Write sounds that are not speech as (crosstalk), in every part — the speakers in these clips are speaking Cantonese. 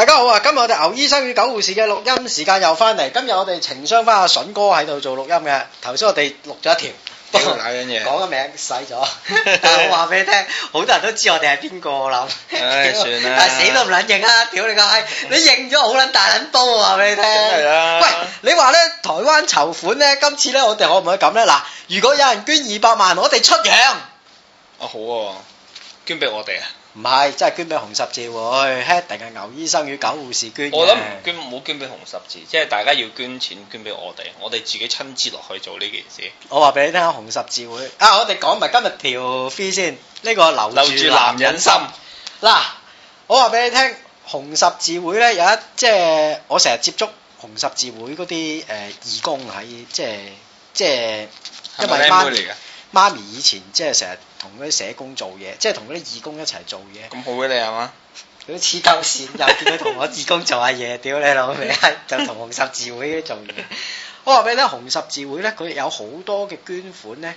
大家好啊！今日我哋牛醫生與狗護士嘅錄音時間又翻嚟。今日我哋情商翻阿笋哥喺度做錄音嘅。頭先我哋錄咗一條，講個不名洗咗， (laughs) 但係我話俾你聽，好 (laughs) 多人都知我哋係邊個啦。我唉， (laughs) 算啦了，但係死都唔捻認啊！屌你個閪，你認咗好捻大捻多，我話俾你聽。真係啊！喂，你話咧台灣籌款咧，今次咧我哋可唔可以咁咧？嗱，如果有人捐二百萬，我哋出樣。啊好，啊！捐俾我哋啊！唔係，真係捐俾紅十字會，一定係牛醫生與狗護士捐。我諗捐唔好捐俾紅十字，即係大家要捐錢捐俾我哋，我哋自己親自落去做呢件事。我話俾你聽，紅十字會啊！我哋講埋今日條 free 先，呢個留住男人心。嗱，我話俾你聽，紅十字會咧有一即係我成日接觸紅十字會嗰啲誒義工喺即係即係，係僆妹嚟嘅。媽咪以前即係成日。同嗰啲社工做嘢，即係同啲義工一齊做嘢。咁好嘅、啊、你係嘛？佢黐鳩線又見佢同我義工做下嘢，屌你老味！就同紅十字會做嘢。 (laughs) (laughs) 我話俾你聽，紅十字會咧，佢有好多嘅捐款咧，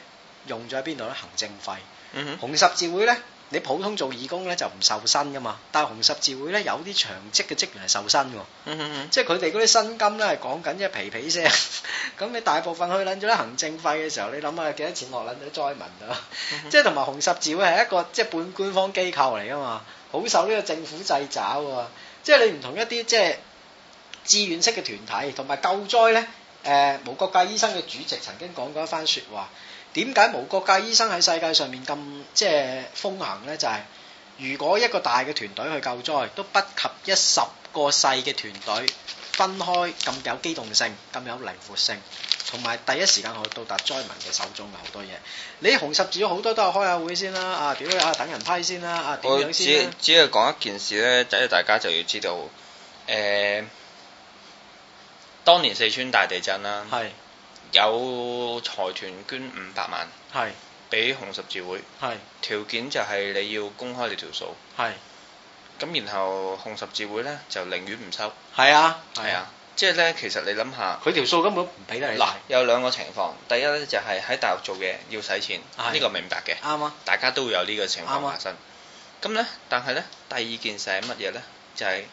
用咗喺邊度咧？行政費，mm hmm. 紅十字會咧。你普通做義工咧，就唔受薪噶嘛，但紅十字會咧有啲長職嘅職員係受薪喎，mm hmm. 即係佢哋嗰啲薪金咧係講緊即係皮皮聲，咁 (laughs) 你大部分去攬咗行政費嘅時候，你諗下幾多錢落攬咗災民啊？Mm hmm. 即係同埋紅十字會係一個即係半官方機構嚟噶嘛，好受呢個政府掣肘，啊，即係你唔同一啲即係志願式嘅團體，同埋救災咧，誒、呃、無國界醫生嘅主席曾經講過一番説話。點解無國界醫生喺世界上面咁即係風行呢？就係、是、如果一個大嘅團隊去救災，都不及一十個細嘅團隊分開咁有機動性、咁有靈活性，同埋第一時間去到達災民嘅手中嘅好多嘢。你紅十字好多都係開下會先啦，啊，啊點啊等人批先啦，啊，啊點樣先、啊、只，只要講一件事呢，就係大家就要知道，誒、呃，當年四川大地震啦。係。有財團捐五百萬，係是，俾紅十字會，係是，條件就係你要公開你條數，係是，咁然後紅十字會咧就寧願唔收，係啊，係啊,啊，即係咧，其實你諗下，佢條數根本唔俾得你，嗱，有兩個情況，第一咧就係、是、喺大陸做嘢要使錢，呢是個明白嘅，啱啊吧，大家都會有呢個情況發生，咁咧吧，但係咧，第二件事係乜嘢咧？就係、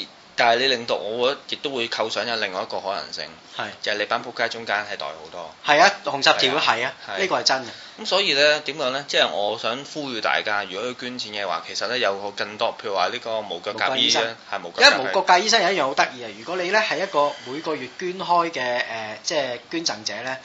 是，但係你令到我，我亦都會構想有另外一個可能性。係，就係你班仆街中間係袋好多。係啊，紅十字都係啊，呢個係真嘅。咁所以咧點講咧，即係我想呼籲大家，如果要捐錢嘅話，其實咧有好更多，譬如話呢個無腳架醫生係因為無腳架醫生有一樣好得意啊！如果你咧係一個每個月捐開嘅誒，即係捐贈者咧，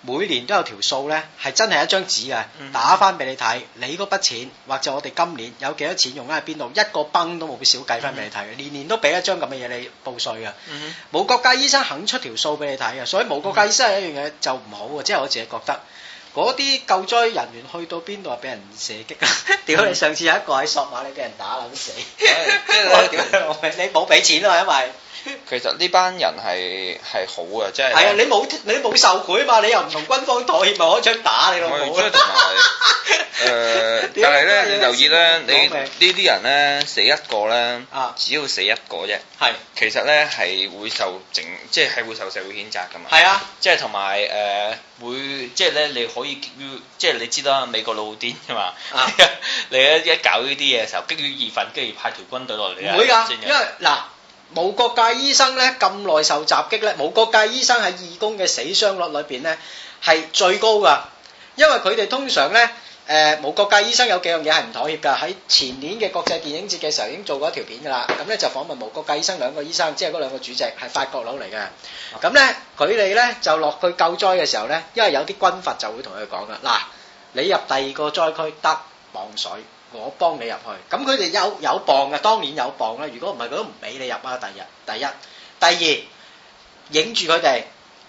每年都有條數咧係真係一張紙啊，打翻俾你睇，你嗰筆錢或者我哋今年有幾多錢用喺邊度，一個崩都冇少計翻俾你睇，年年都俾一張咁嘅嘢你報稅啊，冇腳架醫生肯出條數。俾你睇嘅，所以無國界醫生係一樣嘢就唔好啊，即係我自己覺得嗰啲救災人員去到邊度啊，俾人射擊啊！屌 (laughs) (laughs) 你，上次有一個喺索馬利亞俾人打撚死，屌 (laughs) (laughs) (laughs) 你冇俾錢啊，因為。其實呢班人係係好嘅，即係係啊！你冇你冇受賄啊嘛！你又唔同軍方妥協，咪開槍打你咯！我同埋誒，但係咧，你留意咧，你呢啲人咧死一個咧，只要死一個啫。係其實咧係會受整，即係會受社會譴責㗎嘛。係啊，即係同埋誒會，即係咧你可以激於，即係你知道啊，美國老癲㗎嘛。你一一搞呢啲嘢嘅時候，激於義憤，跟住派條軍隊落嚟。唔會㗎，因為嗱。無國界醫生咧，咁耐受襲擊咧，無國界醫生喺義工嘅死傷率裏邊咧係最高噶因為佢哋通常咧，誒、呃、無國界醫生有幾樣嘢係唔妥協噶喺前年嘅國際電影節嘅時候已經做過一條片噶啦，咁咧就訪問無國界醫生兩個醫生，即係嗰兩個主席係法國佬嚟嘅，咁咧佢哋咧就落去救災嘅時候咧，因為有啲軍閥就會同佢講噶，嗱，你入第二個災區得綁水。我幫你入去，咁佢哋有有磅嘅，當然有磅啦。如果唔係，佢都唔俾你入啊。第二、第一、第二，影住佢哋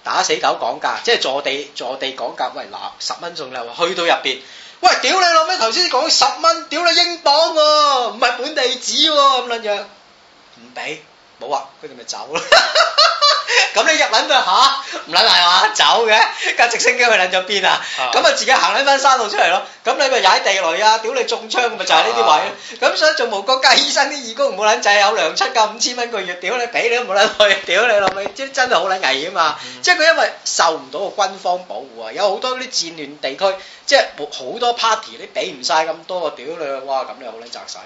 打死狗講價，即係坐地坐地講價。喂，嗱，十蚊仲有，去到入邊，喂，屌你老味，頭先講十蚊，屌你英鎊喎、啊，唔係本地紙喎、啊，咁撚樣唔俾。好啊，佢哋咪走啦。 (laughs) 咁你入撚到下，唔撚係嘛？走嘅，架直升機去撚咗邊啊？咁啊、uh huh. 自己行撚翻山路出嚟咯。咁你咪踩地雷啊！屌你中槍咪就係呢啲位。咁、uh huh. 所以做無國界醫生啲義工唔好撚仔，有糧出夠五千蚊個月。屌你俾你都冇撚去，屌你諗你即真係好撚危險啊！Uh huh. 即係佢因為受唔到個軍方保護啊，有好多啲戰亂地區，即係好多 party 你俾唔晒咁多啊！屌你哇，咁你好撚窄曬。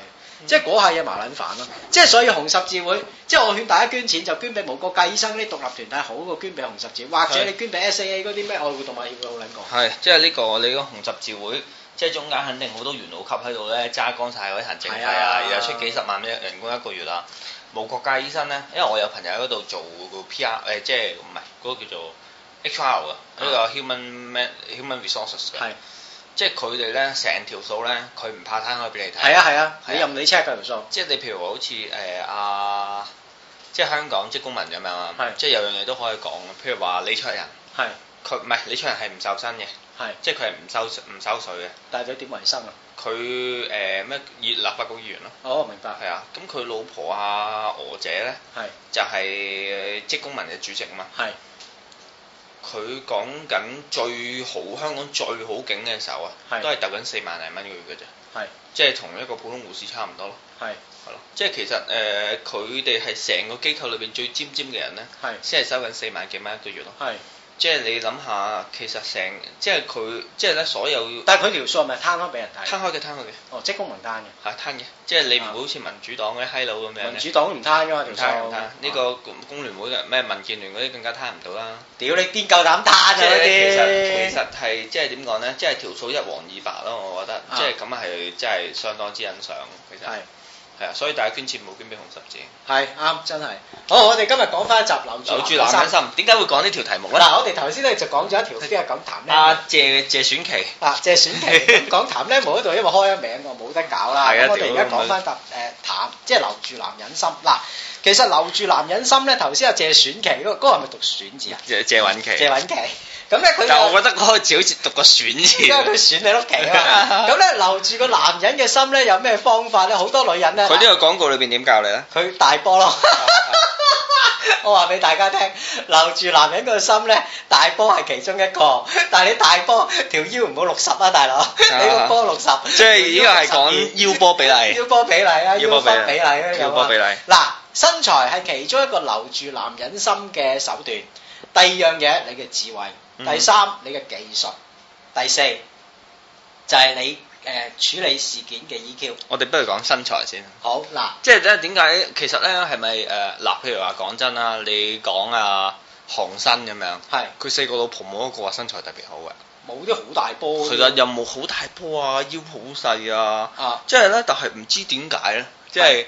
嗯、即係嗰下嘢麻撚煩咯，即係所以紅十字會，即係我勸大家捐錢就捐俾無國界醫生呢獨立團體好過捐俾紅十字，或者你捐俾 S A A 嗰啲咩愛護動物協會好撚過。係，即係呢、呢個你個紅十字會，即係中間肯定好多元老級喺度咧揸乾晒嗰啲行政費啊，又出幾十萬嘅人工一個月啦。無國界醫生咧，因為我有朋友喺嗰度做、個、P R，誒、呃、即係唔係嗰個叫做 H R 啊，呢個 human human resources 係。即係佢哋咧，成條數咧，佢唔怕攤開俾你睇。係啊係啊，你任你 check 份數。即係你譬如好似誒阿，即係香港職工盟咁啊嘛，即係有樣嘢都可以講，譬如話李卓人，係佢唔係李卓人係唔受薪嘅，係即係佢係唔收唔收水嘅，但係佢點為生啊？佢誒咩熱立法局議員咯？哦，明白。係啊，咁佢老婆阿娥姐咧，係就係職工盟嘅主席啊嘛。係。佢講緊最好香港最好景嘅時候啊，是都係揼緊四萬零蚊一個月嘅啫，是即係同一個普通護士差唔多咯，係係是咯，即係其實誒，佢哋係成個機構裏邊最尖尖嘅人咧，係先係收緊四萬幾蚊一個月咯。係。即係你諗下，其實成即係佢即係咧所有，但係佢條數係咪攤開俾人睇？攤開嘅攤開嘅。哦職工名單嘅，係攤嘅，即係你唔會好似民主黨嗰啲閪佬咁樣，民主黨唔攤噶嘛，唔攤唔攤，呢個工工聯會嘅咩民建聯嗰啲更加攤唔到啦。屌你邊夠膽攤啫，其實其實係即係點講咧？即係條數一黃二白咯，我覺得，啊、即係咁係即係相當之欣賞其實。係啊，所以大家捐錢冇捐俾紅十字。係啱，真係。好，我哋今日講翻一集留住男人心。留住男人心，點解會講呢條題目咧？嗱，我哋頭先咧就講咗一條，今日講談咧。啊，謝謝選奇。啊，謝選奇講談咧冇嗰度，因為開咗名我冇得搞啦。係啊，我哋而家講翻搭誒談，即係留住男人心。嗱，其實留住男人心咧，頭先阿謝選奇嗰、嗰個嗰個係咪讀選字啊？謝謝允奇。謝允奇。咁咧，佢嗱，我覺得嗰個字好似讀個選字，因為佢選你屋企啊！咁咧，留住個男人嘅心咧，有咩方法咧？好多女人咧，佢呢個廣告裏邊點教你咧？佢大波咯，我話俾大家聽，留住男人個心咧，大波係其中一個。但係你大波條腰唔好六十啊，大佬，你個波六十，即係呢個係講腰波比例，腰波比例啊，腰波比例啊，腰波比例。嗱，身材係其中一個留住男人心嘅手段。第二樣嘢，你嘅智慧。嗯、第三，你嘅技術；第四，就係、是、你誒、呃、處理事件嘅 EQ。我哋不如講身材先。好嗱，即係咧點解？其實咧係咪誒嗱？譬如話講真啊，你講啊韓生咁樣，係佢是四個老婆冇一個話身材特別好嘅，冇啲好大波。其實又冇好大波啊，腰好細啊，即係咧，但係唔知點解咧，即、就、係、是。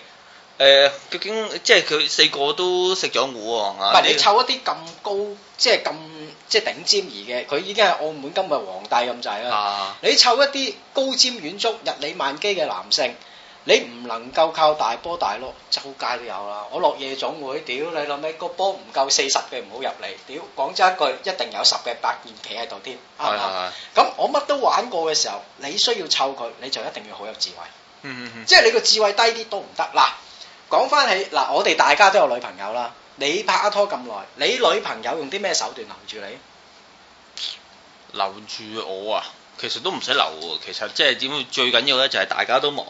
誒、欸，究竟即係佢四個都食咗糊喎，唔係你湊一啲咁高，即係咁即係頂尖而嘅，佢已經係澳門今日皇帝咁滯啦。啊、你湊一啲高瞻遠矚、日理萬機嘅男性，你唔能夠靠大波大落，周街都有啦。我落夜總會，屌你諗起個波唔夠四十嘅唔好入嚟，屌廣州一句一定有十嘅百件企喺度添，係咁我乜都玩過嘅時候，你需要湊佢，你就一定要好有智慧，嗯嗯嗯、即係你個智慧低啲都唔得嗱。啊講翻起嗱，我哋大家都有女朋友啦。你拍拖咁耐，你女朋友用啲咩手段留住你？留住我啊，其實都唔使留。其實即係點？最緊要呢，就係大家都忙。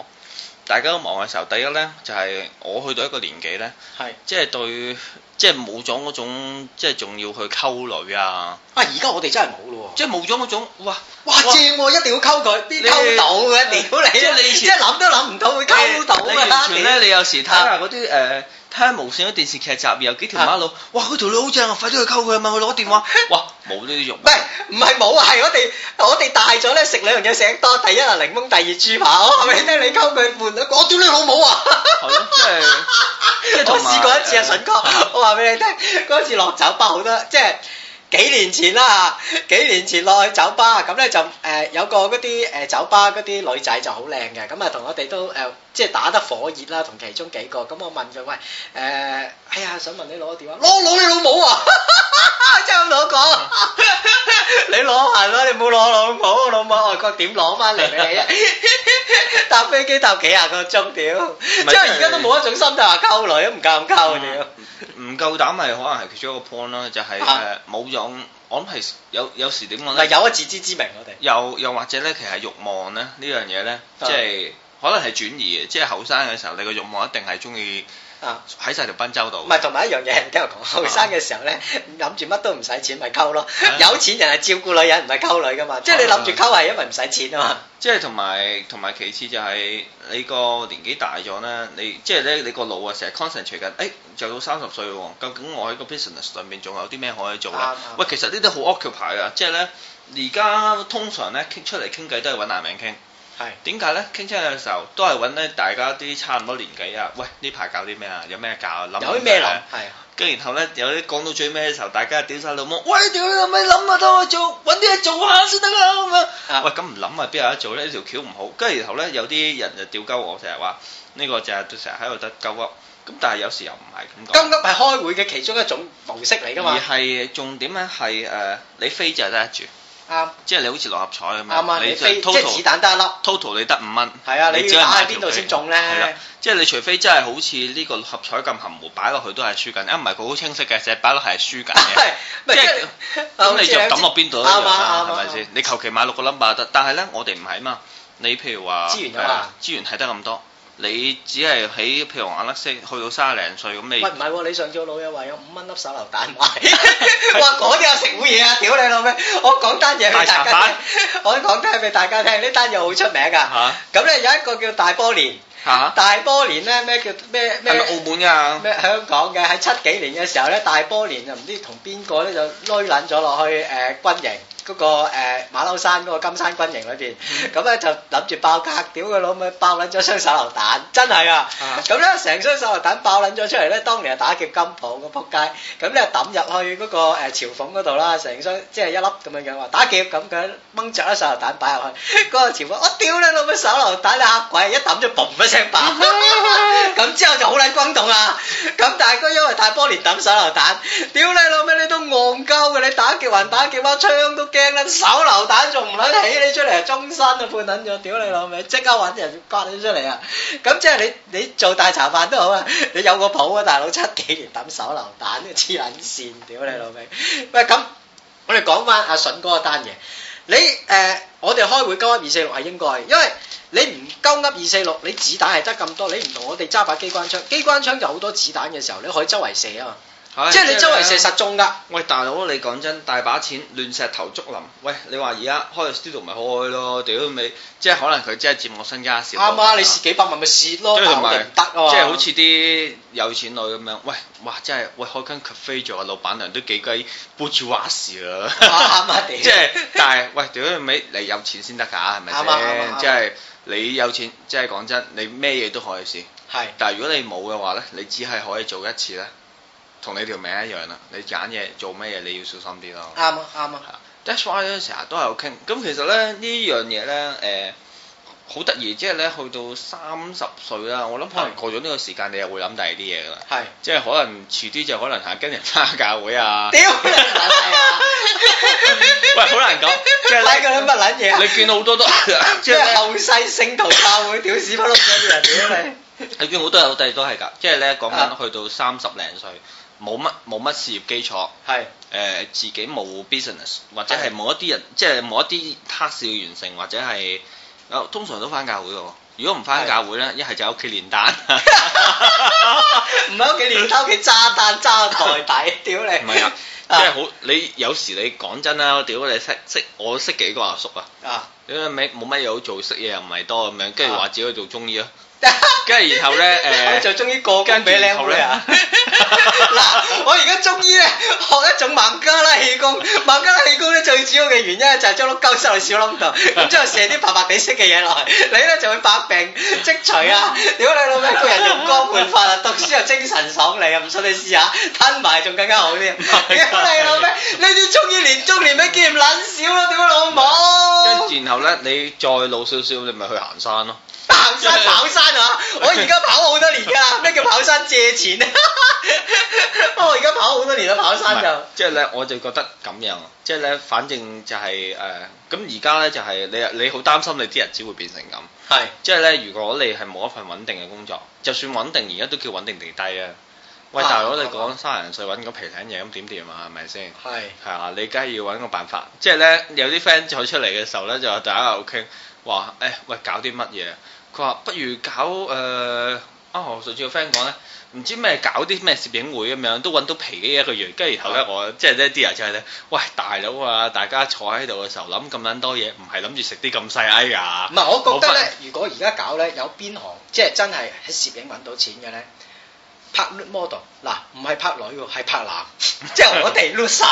大家都忙嘅時候，第一咧就係、是、我去到一個年紀咧，是即係對，即係冇咗嗰種，即係仲要去溝女啊！啊，而家我哋真係冇咯，即係冇咗嗰種，哇哇正哇、啊、一定要溝佢，邊你溝到嘅屌你！即係諗都諗唔到會溝到㗎啦！完全咧你你，你有時睇下嗰啲誒。的睇無線嘅電視劇集入邊有幾條馬路，啊、哇！嗰條女好正啊，快啲去溝佢啊嘛！問佢攞電話，哇！冇呢啲用，唔係唔係冇啊，係我哋我哋大咗咧，食兩樣嘢成多。第一啊檸檬，第二豬扒，係咪？聽你溝佢換，我屌你老母啊！係咯，真係。我試過一次啊，順哥，我話俾你聽，嗰、 (laughs) 啊、次落酒吧好多，即係幾年前啦嚇，幾年前落去酒吧，咁咧就誒、呃、有個嗰啲誒酒吧嗰啲女仔就好靚嘅，咁啊同我哋都誒。呃嗯即係打得火熱啦，同其中幾個咁，我問佢：喂，誒，哎呀，想問你攞電話，攞攞你老母啊！真係咁講，你攞行啦，你唔好攞老母，老母外國點攞翻嚟俾你啫？搭飛機搭幾廿個鐘屌，即係而家都冇一種心態話溝女，都唔夠咁溝屌，唔夠膽係可能係其中一個 point 啦，就係誒冇咗，我諗係有有時點講咧，有一自知之明，我哋又又或者咧，其實慾望咧呢樣嘢咧，即係。可能係轉移嘅，即係後生嘅時候，你個欲望一定係中意啊喺晒條賓州度、啊。唔係同埋一樣嘢，聽我講，後生嘅時候咧，諗住乜都唔使錢，咪溝咯。啊、有錢人係照顧女人，唔係溝女噶嘛。啊、即係你諗住溝係因為唔使錢啊嘛、啊啊。即係同埋同埋其次就係你個年紀大咗咧，你即係咧你個腦啊，成日 concentrate 緊。誒，就到三十歲喎，究竟我喺個 business 上面仲有啲咩可以做咧？啊啊、喂，其實、就是、呢啲好 occupy 㗎！即係咧，而家通常咧傾出嚟傾偈都係揾男人傾。係點解咧？傾親嘅時候都係揾咧，大家啲差唔多年紀啊！喂，呢排搞啲咩啊？有咩搞？有啲咩諗？係。跟住然後咧，有啲講到最尾嘅時候，大家屌晒老母：「喂，屌你老味，諗得我做揾啲嘢做下先得啊！咁樣、啊。的喂，咁唔諗啊，邊有得做條條呢？條橋唔好。跟住然後咧，有啲人就吊鳩我，成日話呢個就係成日喺度得鳩噏。咁但係有時候又唔係咁講。鳩噏係開會嘅其中一種模式嚟㗎嘛。而係重點咧係誒，你飛就得住。即係你好似六合彩咁啊！啱你飛即係子彈得一粒，total 你得五蚊。係啊，你要打喺邊度先中咧？係啦，即係你除非真係好似呢個六合彩咁含糊，擺落去都係輸緊。一唔係佢好清晰嘅，成日擺落係輸緊嘅。即係咁，你就抌落邊度都一樣，係咪先？你求其買六個 number 得，但係咧我哋唔係啊嘛。你譬如話資源有啊，資源係得咁多，你只係喺譬如話眼粒去到三零歲咁你。唔係喎，你上次老友話有五蚊粒手榴彈買。啊！屌你老味，我講單嘢俾大家聽大，我講單嘢俾大家聽，呢單嘢好出名㗎啊。嚇！咁咧有一個叫大波年，嚇大波年咧咩叫咩咩？係咪澳門啊？咩香港嘅？喺七幾年嘅時候咧，大波年就唔知同邊個咧就攆撚咗落去誒、呃、軍營。嗰個誒馬騮山嗰個金山軍營裏邊，咁咧就諗住爆格，屌佢老母，爆撚咗雙手榴彈，真係啊！咁咧成雙手榴彈爆撚咗出嚟咧，當年啊打劫金鋪個仆街，咁咧抌入去嗰個誒朝奉嗰度啦，成雙即係一粒咁樣樣話打劫咁嘅掹著粒手榴彈擺入去，嗰個朝奉我屌你老母手榴彈你嚇鬼，一抌就嘣一聲爆，咁之後就好撚轟動啊！咁但係都因為太多年抌手榴彈，屌你老母你都戇鳩嘅，你打劫還打劫翻槍都。驚啦，手榴彈仲唔捻起你出嚟啊？終身啊，判捻咗，屌你老味！即刻揾人刮你出嚟啊！咁即係你你做大茶飯都好啊，你有個譜啊，大佬七幾年抌手榴彈，黐捻綫，屌你老味！喂，咁我哋講翻阿筍哥嗰單嘢，你誒、呃，我哋開會勾一二四六係應該，因為你唔勾一二四六，6, 你子彈係得咁多，你唔同我哋揸把機關槍，機關槍就好多子彈嘅時候，你可以周圍射啊。嘛。即係你周圍射實中噶，喂，大佬你講真大把錢亂石頭竹林，喂，你話而家開 studio 咪開咯，屌你！即係可能佢真係佔我身家少，啱啱？你蝕幾百萬咪蝕咯，又唔得啊！即係好似啲有錢女咁樣，喂哇！即係喂開 coffee 座嘅老闆娘都幾鬼撥住話事啊！即係但係喂屌你尾嚟有錢先得噶，係咪先？即係你有錢即係講真，你咩嘢都可以試。係。但係如果你冇嘅話咧，你只係可以做一次咧。同你條命一樣啦，你揀嘢做乜嘢，你要小心啲咯。啱啊啱啊。係啊，That's why 咧，成日都係好傾。咁其實咧呢樣嘢咧，誒，好得意，即係咧去到三十歲啦，我諗可能過咗呢個時間，你又會諗第二啲嘢噶啦。係。即係可能遲啲就可能係跟人參加會啊。屌！喂，好難講。係你個撚乜撚嘢？你見到好多都即係後世聖徒教會屌屎忽碌咗啲人屌你。你見好多後世都係㗎，即係咧講緊去到三十零歲。冇乜冇乜事業基礎，係誒是的、呃、自己冇 business 或者係冇一啲人，即係冇一啲 task 要完成，或者係通常都翻教會咯。如果唔翻教會咧，一係是的 就喺屋企練彈，唔喺屋企練彈，屋企炸彈炸台底，屌你！唔 (laughs) 係啊，即、就、係、是、好你有時你講真啦，我屌你識識我識幾個阿叔啊？啊，咁咪冇乜嘢好做，識嘢又唔係多咁樣，跟住話自己去做中醫啊！ (laughs) 跟住然後咧，誒就終於個姜俾你好咧嚇。嗱，我而家終於咧學一種孟加拉氣功，孟加拉氣功咧最主要嘅原因就係將碌鳩塞喺小窿度，咁之後射啲白白哋色嘅嘢落去，你咧就會百病即除啊！屌你老味，個人用光煥發啊，讀書又精神爽利啊，唔信你試下，吞埋仲更加好啲。屌你老味，你都終於連中年都見唔冷少咯，屌你老母！跟住然後咧，你再老少少，你咪去行山咯。行山跑山啊！我而家跑好多年噶，咩叫跑山借錢咧？不 (laughs) 過我而家跑好多年啦，跑山就即係咧，我就覺得咁樣，即係咧，反正就係誒咁而家咧就係你你好擔心你啲日子會變成咁，係即係咧，如果你係冇一份穩定嘅工作，就算穩定而家都叫穩定地低啊！喂，大佬你講三人歲揾個皮艇嘢咁點掂啊？係咪先？係係啊！你梗係要揾個辦法，即係咧有啲 friend 坐出嚟嘅時候咧，就大家又傾話誒喂，搞啲乜嘢？佢話不如搞誒啊、呃哦！上次個 friend 講咧，唔知咩搞啲咩攝影會咁樣，都揾到皮嘅一個月。跟住然後咧，啊、我即係呢啲人真係咧，喂大佬啊！大家坐喺度嘅時候諗咁撚多嘢，唔係諗住食啲咁細 I 㗎！唔、哎、係，我覺得咧，分如果而家搞咧，有邊行即係真係喺攝影揾到錢嘅咧？拍 model 嗱，唔係拍女喎，係拍男，即係我哋碌晒，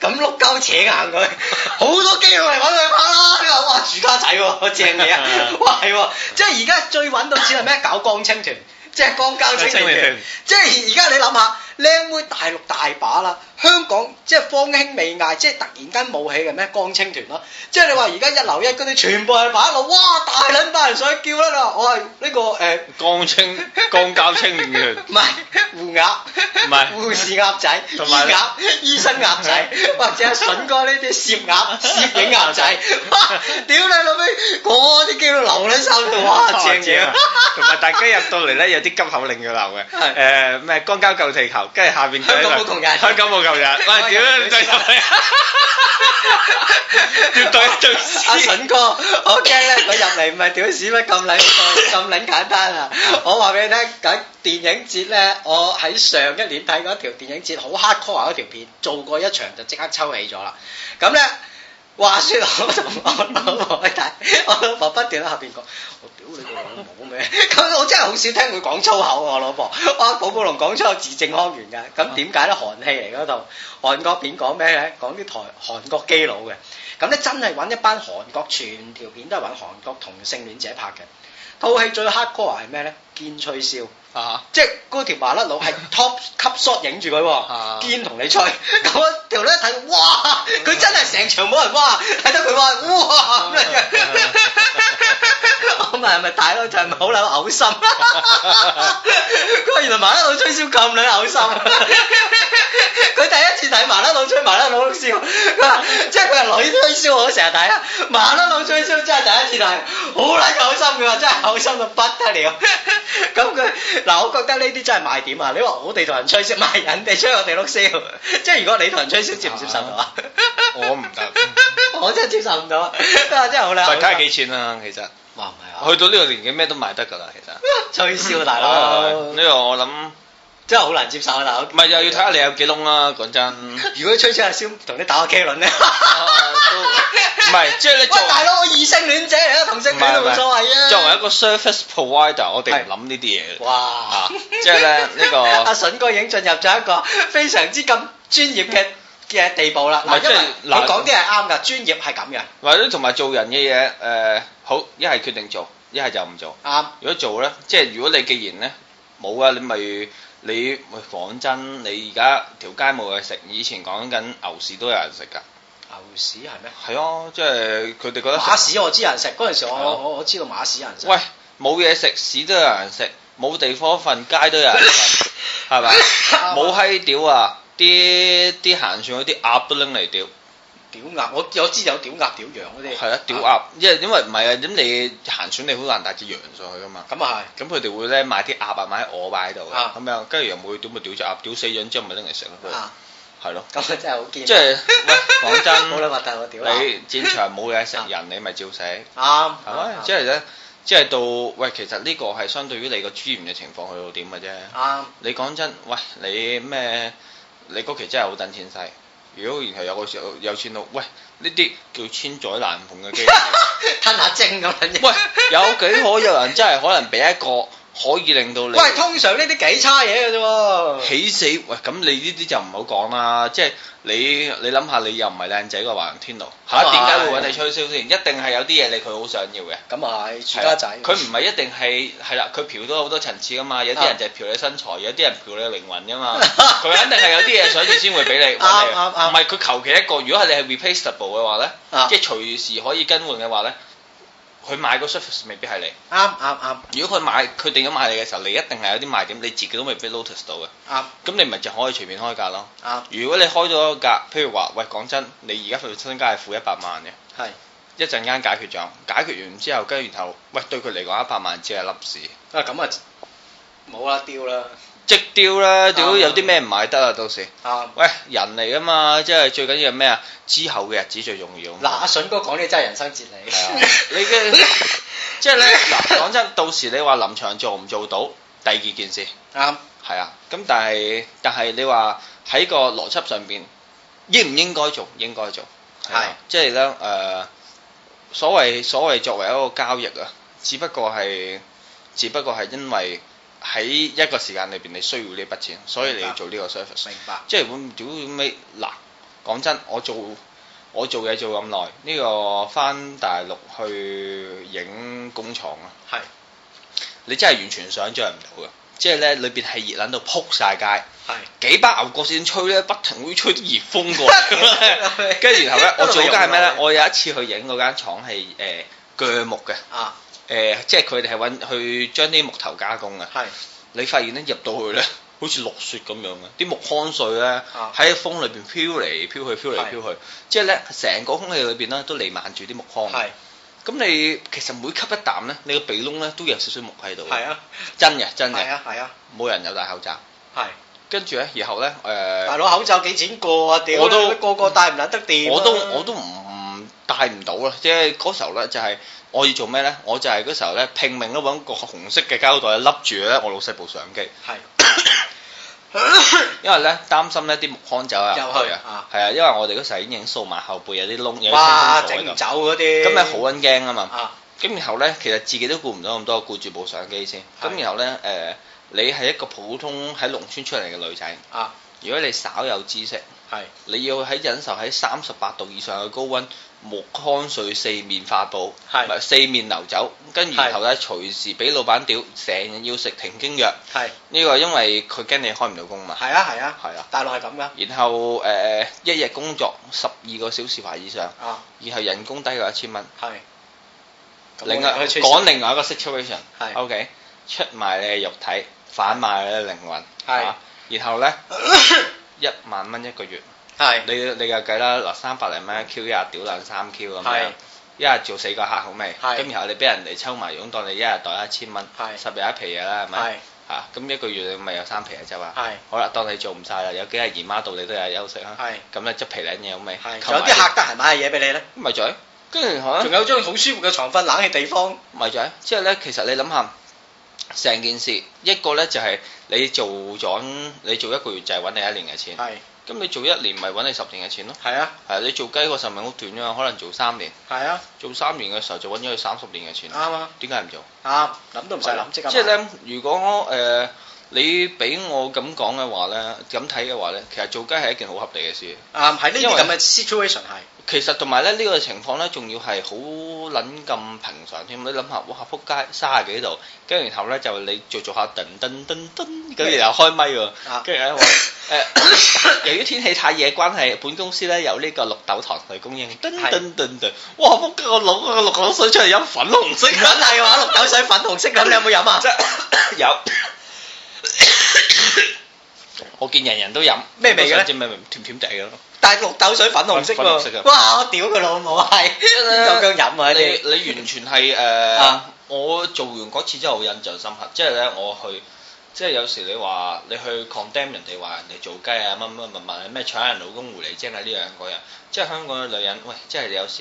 咁碌鳩扯硬。佢，好多機會嚟揾佢拍啦，哇，住家仔喎，正嘢啊，啊 (laughs) 哇，係、啊，即係而家最揾到錢係咩？搞鋼青團，即係鋼交青團，即係而家你諗下。靚妹大陸大把啦，香港即係方興未艾，即係突然間冒起嘅咩江青團咯，即係你話而家一流一嗰啲全部係大陸，哇大捻把人想叫啦，我係呢個誒江青江郊青年團，唔係護鴨，唔係護士鴨仔，醫鴨醫生鴨仔，或者阿笋哥呢啲攝鴨攝影鴨仔，哇屌你老味，嗰啲叫流呢手，哇正嘢，同埋大家入到嚟咧有啲急口令要留嘅，誒咩江交救地球。跟住下邊、就是、香港冇窮人，香港冇窮人，喂、啊，屌、啊， (laughs) 你對唔對？要對一對。阿筍哥，OK 咧，佢入嚟唔係屌屎咩？咁簡單咁撚簡單啊！ (laughs) 我話俾你聽，喺電影節咧，我喺上一年睇過一條電影節好 hardcore 一條片，做過一場就即刻抽起咗啦。咁咧。.話説我，我，我老婆，我老婆不斷喺後邊講：我屌你個老母咩？咁我，我真係好少聽佢講粗口我老婆，我阿寶寶龍講粗口字正腔圓嘅，咁點解咧？韓戲嚟嗰度，韓國片講咩咧？講啲台韓國基佬嘅，咁咧真係揾一班韓國全條片都係揾韓國同性戀者拍嘅。套戲最黑哥係咩呢？「見吹簫，啊、即係嗰條麻甩佬係 top cut shot 影住佢，見同、啊、你吹，咁樣條女一睇，哇！佢真係成場冇人哇，睇到佢話，哇！咁咪咪大佬就咪好捻嘔心，佢 (laughs) 原來麻甩佬吹簫咁捻嘔心，佢 (laughs) 第一。睇麻甩佬吹麻甩佬碌簫，佢話即係佢係女吹簫，我成日睇啊，麻甩佬吹簫真係第一次睇，好撚嘔心嘅，真係嘔心到不得了。咁佢嗱，我覺得呢啲真係賣點啊！你話我哋同人吹簫賣人哋，吹我哋碌簫，即係如果你同人吹簫，接唔接受到啊？我唔得，我真係接受唔到，真係好靚。睇下幾錢啦，其實哇唔係啊，去到呢個年紀咩都賣得噶啦，其實吹簫大佬呢個我諗。真係好難接受啊！大佬，唔係又要睇下你有幾窿啦？講真，如果吹吹阿簫，同你打下 K 輪咧，唔係即係你做喂，大佬我異性戀者嚟嘅同性都冇所謂啊！作為一個 service provider，我哋唔諗呢啲嘢嘅哇，即係咧呢個阿順哥已經進入咗一個非常之咁專業嘅嘅地步啦。嗱，因為我講啲係啱嘅，專業係咁嘅，或者同埋做人嘅嘢誒，好一係決定做，一係就唔做，啱。如果做咧，即係如果你既然咧冇啊，你咪。你咪講真，你而家條街冇嘢食，以前講緊牛屎都有人食㗎。牛屎係咩？係哦、啊，即係佢哋覺得馬屎我知有人食，嗰陣時我、啊、我我知道馬屎有人食。喂，冇嘢食，屎都有人食，冇地方瞓街都有人瞓，係咪 (laughs) 吧？冇閪屌啊！啲啲行上嗰啲鴨都拎嚟屌。屌鴨，我我知有屌鴨、屌羊嗰啲。係啊，屌鴨，因因為唔係啊，咁你行船你好難帶隻羊上去噶嘛。咁啊係，咁佢哋會咧買啲鴨啊，買喺我擺喺度，咁樣跟住又冇點咪屌隻鴨，屌死咗之後咪拎嚟食咯。係咯。咁佢真係好見。即係，喂，講真，冇諗核突我屌你戰場冇嘢食，人你咪照死。啱。係咪？即係咧，即係到喂，其實呢個係相對於你個資源嘅情況去到點嘅啫。啱。你講真，喂，你咩？你嗰期真係好等錢使。然後有個有有錢佬，喂，呢啲叫千載難逢嘅機， (laughs) 吞下精咁喂，有幾可有人真係可能俾一個？可以令到你喂，通常呢啲幾差嘢嘅啫喎，起死喂咁你呢啲就唔好講啦，即係你你諗下你又唔係靚仔個華人天奴！嚇，點解會揾你吹銷先？一定係有啲嘢你佢好想要嘅。咁啊係，富家仔。佢唔係一定係係啦，佢嫖咗好多層次噶嘛，有啲人就係嫖你身材，有啲人嫖你嘅靈魂噶嘛，佢肯定係有啲嘢想住先會俾你。啱啱啱。唔係佢求其一個，如果係你係 replaceable 嘅話咧，即係隨時可以更換嘅話咧。佢買個 surface 未必係你。啱啱啱。啊啊、如果佢買，佢定咗買你嘅時候，你一定係有啲賣點，你自己都未必 notice 到嘅。啱、啊，咁你咪就可以隨便開價咯。啱、啊。如果你開咗個價，譬如話，喂，講真，你而家份身家係負是一百萬嘅，係，一陣間解決咗，解決完之後，跟住然後，喂，對佢嚟講一百萬只係粒屎。啊，咁啊，冇啦，丟啦。即雕啦，屌有啲咩唔買得啊？到時，喂人嚟噶嘛，即係最緊要係咩啊？之後嘅日子最重要。嗱，阿順哥講嘢真係人生哲理。係啊，你嘅即係咧。嗱，講真，到時你話臨場做唔做到？第二件事，啱係啊。咁但係但係你話喺個邏輯上邊應唔應該做？應該做係，即係咧誒，所謂所謂作為一個交易啊，只不過係只不過係因為。喺一個時間裏邊你需要呢一筆錢，所以你要做呢個 service。明白，即係會屌你。嗱，講真，我做我做嘢，做咁耐，呢、這個翻大陸去影工廠啊。係是。你真係完全想象唔到嘅，即係咧裏邊係熱冷到扑晒街。係是。幾把牛角扇吹咧，不停會吹啲熱風過嚟。跟住然後咧，我最驚係咩咧？我有一次去影嗰間廠係誒鋸木嘅。啊。誒，即係佢哋係搵去將啲木頭加工啊！係，你發現咧入到去咧，好似落雪咁樣嘅，啲木糠碎咧喺風裏邊飄嚟飄去，飄嚟飄去，即係咧成個空氣裏邊咧都彌漫住啲木糠。係，咁你其實每吸一啖咧，你個鼻窿咧都有少少木喺度嘅。係啊，真嘅真嘅。係啊係啊，冇人有戴口罩。係，跟住咧，然後咧，誒。大佬，口罩幾錢個啊？屌，我都個個戴唔撚得掂。我都我都唔戴唔到啦，即係嗰時候咧就係。我要做咩呢？我就係嗰時候咧，拼命都揾個紅色嘅膠袋笠住咧，我老細部相機是的。係。 (coughs) 因為呢，擔心呢啲木糠走是的啊，係啊，因為我哋嗰時候已經影掃埋，後背有啲窿，有啲哇！整唔走嗰啲。咁咪好撚驚啊嘛！咁、啊、然後呢，其實自己都顧唔到咁多，顧住部相機先。咁是的 然後呢，誒、呃，你係一個普通喺農村出嚟嘅女仔。啊！如果你稍有知識。係你要喺忍受喺三十八度以上嘅高溫，木糠水、四面化布，係四面流走，跟住然後呢隨時俾老闆屌，成日要食停經藥，係呢個因為佢驚你開唔到工嘛，係啊係啊，係啊，大陸係咁噶，然後誒一日工作十二個小時或以上，啊，然後人工低過一千蚊，係，另外講另外一個 situation，係，O K，出賣你嘅肉體，販賣你嘅靈魂，係，然後咧。一萬蚊一個月，係你你又計啦，嗱三百零蚊一 Q，一日屌兩三 Q 咁樣，一日做四個客好味。咁然後你俾人哋抽埋佣，當你一日袋一千蚊，十日一皮嘢啦，係咪？吓，咁一個月你咪有三皮嘢，咋嘛？係，好啦，當你做唔晒啦，有幾日姨媽到你都有休息啊？係，咁咧執皮靚嘢好味，有啲客得閒買下嘢俾你咧，咪嘴？跟住仲有張好舒服嘅床瞓冷氣地方，咪嘴？之後咧其實你諗下。成件事一個咧就係你做咗你做一個月就係揾你一年嘅錢，咁的你做一年咪揾你十年嘅錢咯。係啊的，係你做雞個壽命咪好短啊，可能做三年。係啊的，做三年嘅時候就揾咗佢三十年嘅錢。啱啊的，點解唔做？啱，諗都唔使諗，的即係你諗，如果、呃、你我你俾我咁講嘅話咧，咁睇嘅話咧，其實做雞係一件好合理嘅事。啱的，喺呢啲咁嘅 situation 係。為其實同埋咧呢、這個情況咧，仲要係好捻咁平常添，你諗下，哇，撲街，三啊幾度，跟住然後咧就你做做下噔噔噔噔，跟住又開咪，跟住又話，誒、呃， (laughs) 由於天氣太熱關係，本公司咧有呢個綠豆糖嚟供應，噔噔噔噔，哇，我我攞個綠豆水出嚟飲粉紅色，梗係嘛，綠豆水粉紅色，咁 (laughs) 你有冇飲啊？有， (laughs) (laughs) 我見人人都飲，咩味嘅？甜甜哋噶咯。但係綠豆水粉紅色，紅色哇！我屌佢老母，係咁夠薑飲啊！你你完全係誒， (laughs) uh, 我做完嗰次之後印象深刻，即係咧，我去，即係有時你話你去 condemn 人哋話人哋做雞啊，乜乜乜乜，啊，咩搶人老公狐狸精啊呢樣嗰樣，即係香港嘅女人，喂，即係有時，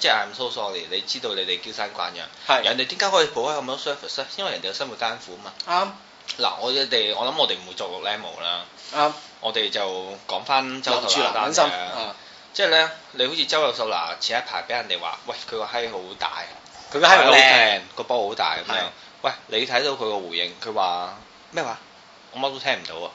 即係 I'm so sorry，你知道你哋嬌生慣養，係人哋點解可以做開咁多 service 咧？因為人哋有生活艱苦啊嘛。啱。嗱，我哋我諗我哋唔會做 lemon 啦。啱。Um, um, 我哋就講翻周秀娜啦，係靜即係咧，你好似周秀娜前一排俾人哋話，喂，佢個閪好大，佢嘅閪好靚，個波好大咁樣。的喂，你睇到佢個回應，佢話咩話？的我乜都聽唔到啊。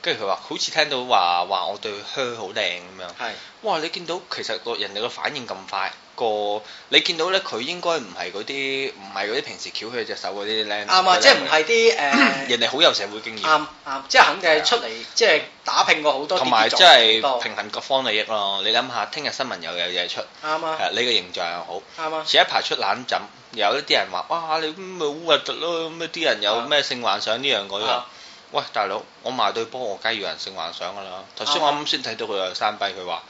跟住佢話好似聽到話話我對靴好靚咁樣。係的。哇！你見到其實個人哋個反應咁快。個你見到咧，佢應該唔係嗰啲，唔係嗰啲平時翹起隻手嗰啲靚。啱啊、嗯，即係唔係啲誒人哋好有社會經驗。啱啱、嗯嗯嗯，即係肯定係出嚟，啊、即係打拼過好多，多。同埋即係平衡各方利益咯。你諗下，聽日新聞又有嘢出。啱啊、嗯嗯！你嘅形象又好。啱啊、嗯！前一排出冷枕，有一啲人話，哇、啊，你咁咪核突咯？咁啊，啲人有咩性幻想呢樣嗰樣？嗯嗯、喂，大佬，我賣對波我梗係人性幻想噶啦！頭先我啱先睇到佢又刪閉，佢話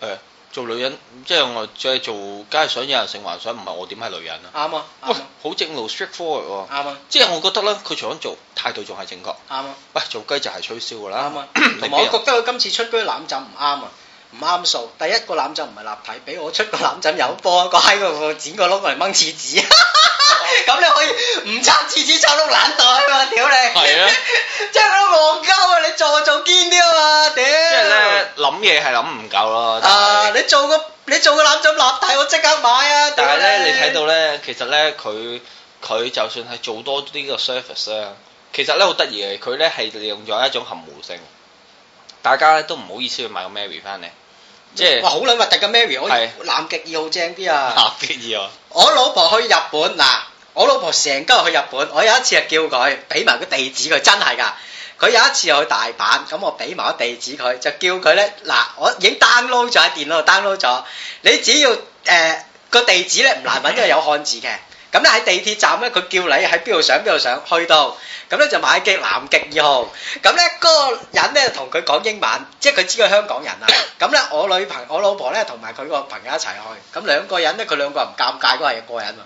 誒。哎做女人，即係我再做，梗係想有人性幻想，唔係我點係女人啊？啱啊！喂，好正路 straight forward 啱啊！啱啊！即係我覺得咧，佢想做，態度仲係正確。啱啊！喂，做雞就係推銷噶啦。啱啊！同埋 (coughs) (coughs) 我覺得佢今次出居攬枕唔啱啊，唔啱數。第一個攬枕唔係立體，俾我出個攬枕有波，個閪個個剪個窿嚟掹廁紙。 (laughs) 咁你可以唔拆次次拆碌懶袋啊！屌你，即係都戇鳩啊！你做就做堅啲啊嘛，屌！即係咧諗嘢係諗唔夠咯。啊！你做個你做個攬枕立體，我即刻買啊！但係咧，你睇到咧，其實咧，佢佢就算係做多啲個 service 商，其實咧好得意嘅，佢咧係利用咗一種含糊性，大家咧都唔好意思去買個 Mary 翻嚟，即係，哇好撚核突嘅 Mary，我南極二好正啲啊！南極二啊，啊！我老婆去日本嗱。我老婆成日去日本，我有一次就叫佢俾埋個地址佢，真係噶。佢有一次去大阪，咁我俾埋個地址佢，就叫佢咧，嗱，我已經 download 咗喺電腦度 download 咗。你只要誒個、呃、地址咧唔難揾，因為有漢字嘅。咁咧喺地鐵站咧，佢叫你喺邊度上邊度上去到，咁咧就買極南極二號。咁咧嗰個人咧同佢講英文，即係佢知佢香港人啊。咁咧我女朋我老婆咧同埋佢個朋友一齊去，咁兩個人咧佢兩個唔尷尬，嗰係過人啊。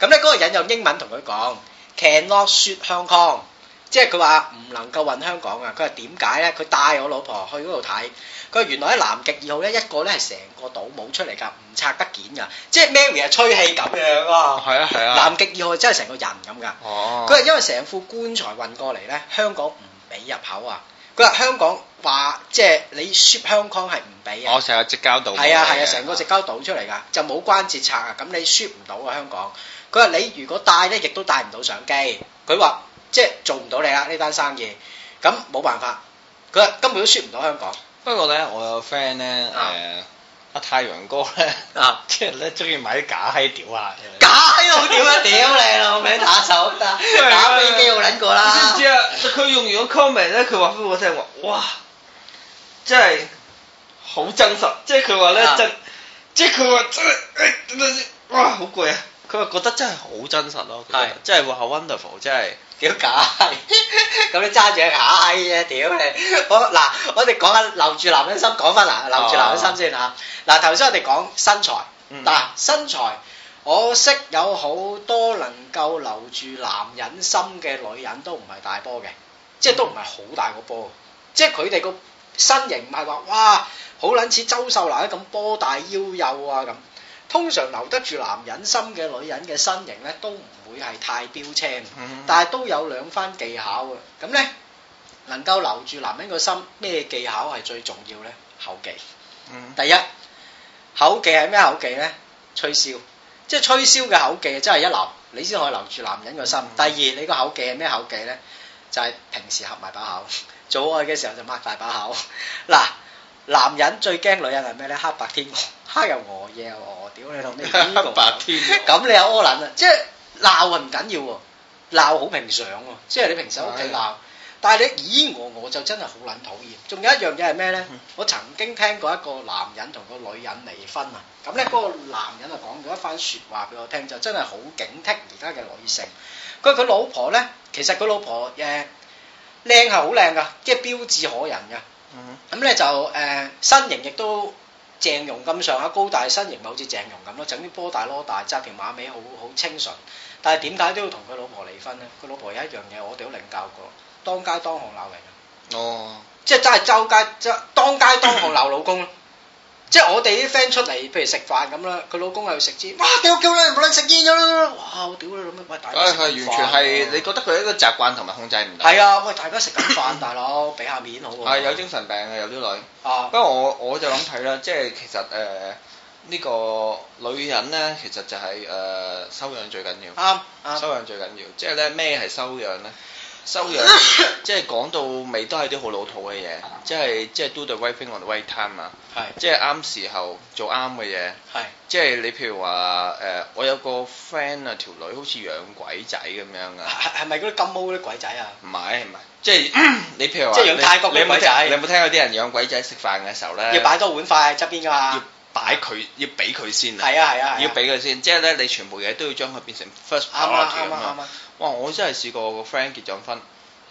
咁咧嗰個人用英文同佢講騎駱雪向抗。即係佢話唔能夠運香港啊！佢話點解咧？佢帶我老婆去嗰度睇，佢話原來喺南極二號咧，一個咧係成個島冇出嚟㗎，唔拆得件㗎。即係 Mary 係吹氣咁樣啊！係啊係啊！南極二號真係成個人咁㗎。哦，佢話因為成副棺材運過嚟咧，香港唔俾入口啊！佢話香港話即係你 ship 香港係唔俾啊！我成日直交島，係啊係啊，成個直交島出嚟㗎，就冇關節拆啊！咁你 ship 唔到啊香港。佢話你如果帶咧，亦都帶唔到相機。佢話。即係做唔到你啦呢單生意，咁冇辦法，佢根本都輸唔到香港。不過咧，我有 friend 咧，誒阿太陽哥咧，即係咧中意買啲假閪屌下。假閪好屌啊！屌你咯，我俾你打手打 (laughs) 打飛機好撚過啦。佢 (laughs) 用完個 comment 咧，佢話俾我聽話，哇！真係好真實，即係佢話咧真，即係佢話真。等陣先，哇！好攰啊！佢話覺得真係好真，真，真實咯，係真係會好 wonderful，真係。是 (laughs) (laughs) 屌假，咁 (laughs) 你揸住隻牙閪嘢，屌、哎、你！ (laughs) 好，嗱，我哋講下留住男人心，講翻，嗱，留住男人心、啊、先吓。嗱，頭先我哋講身材，嗱、嗯、身材，我識有好多能夠留住男人心嘅女人都唔係大波嘅，即係都唔係好大個波，嗯、即係佢哋個身形唔係話哇好撚似周秀娜咁波大腰幼啊咁。通常留得住男人心嘅女人嘅身形咧，都唔會係太標青，但係都有兩番技巧嘅。咁咧，能夠留住男人個心，咩技巧係最重要咧？口技，第一，口技係咩口技咧？吹簫，即係吹簫嘅口技，真係一流，你先可以留住男人個心。第二，你個口技係咩口技咧？就係平時合埋把口，做愛嘅時候就擘大把口。嗱。男人最驚女人係咩咧？黑白天鵝，黑又鵝嘢又屌你老味 (laughs) 黑白天咁 (laughs) 你有屙卵啦！即係鬧唔緊要，鬧好平常喎，即係你平時喺屋企鬧， (laughs) 但係你咦我我就真係好卵討厭。仲有一樣嘢係咩咧？我曾經聽過一個男人同個女人離婚啊，咁咧嗰個男人就講咗一番說話俾我聽，就真係好警惕而家嘅女性。佢佢老婆咧，其實佢老婆誒，靚係好靚噶，即係標致可人噶。咁咧、嗯、就誒、呃、身形亦都鄭融咁上下高大身形啊，好似鄭融咁咯，整啲波大攞大紮條馬尾，好好清純。但係點解都要同佢老婆離婚咧？佢老婆有一樣嘢，我哋都領教過，當街當巷鬧人。哦，即係真係周街即當街當巷鬧老公、嗯即係我哋啲 friend 出嚟，譬如食飯咁啦，佢老公喺度食煙，哇屌，叫啦，唔好撚食煙咗啦，哇我屌你老味，喂大家食緊飯。係係，完全係你覺得佢一個習慣同埋控制唔到。係啊，喂大家食緊飯， (coughs) 大佬俾下面好、啊。係有精神病嘅有啲女。啊，不過我我就咁睇啦，即係其實誒呢個女人咧，其實就係誒修養最緊要。啱啱、嗯。修、嗯、養最緊要，即係咧咩係修養咧？收養 (laughs) 即係講到未都係啲好老土嘅嘢，啊、即係即係都對 waiting on the wait、right、time 啊。是，即係啱時候做啱嘅嘢。是即係你譬如話誒、呃，我有個 friend 啊，條女好似養鬼仔咁樣啊，係咪嗰啲金毛啲鬼仔啊？唔係唔係，即係你譬如話，即係、嗯就是、養泰國嘅鬼仔，你，你有冇聽過啲人養鬼仔食飯嘅時候咧？要擺多碗筷喺側邊㗎嘛。擺佢要俾佢先啊！係啊係啊，要俾佢先，先，即係咧，你全部嘢都要將佢變成 first 啱啊，啱啊，啱啊！哇，我真係試過個 friend 結咗婚，誒、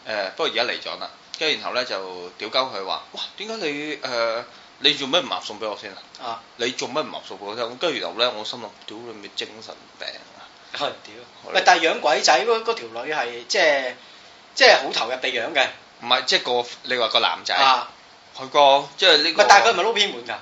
呃，不過而家嚟咗啦。跟住然後咧就屌鳩佢話：哇，點解你誒、呃、你做乜唔合送俾我先啊？你做乜唔合送俾我先？跟住、啊、然後咧，我心諗：屌你咪精神病啊！係屌！喂我，不但係養鬼仔嗰條女係即係即係好投入地養嘅，唔係即係個你話個男仔啊，佢的 (laughs) 個即係呢？喂、就是這個，但係佢唔係撈偏門㗎。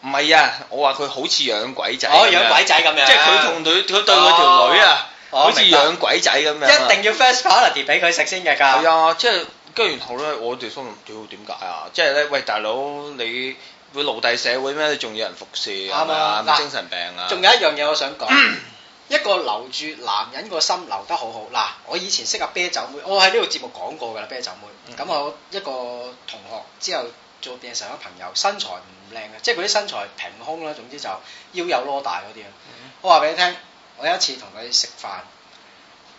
唔係啊！我話佢好似養鬼仔，哦養鬼仔咁樣，即係佢同女佢對佢條女啊，好似養鬼仔咁樣、啊，一定要 first priority 俾佢食先嘅㗎。係啊，即係跟住然後咧，我哋 friend 屌點解啊？即係咧，喂大佬你會奴隸社會咩？你仲有人服侍、嗯、吧啊？啱啊！嗱，精神病啊！仲、啊、有一樣嘢我想講，嗯、一個留住男人個心留得好好嗱、啊，我以前識阿啤酒妹，我喺呢個節目講過㗎啦，啤酒妹。咁、嗯、我一個同學之後。做嘢成咗朋友，身材唔靚嘅，即係佢啲身材平胸啦。總之就腰有籮大嗰啲啊！嗯、我話俾你聽，我有一次同佢食飯，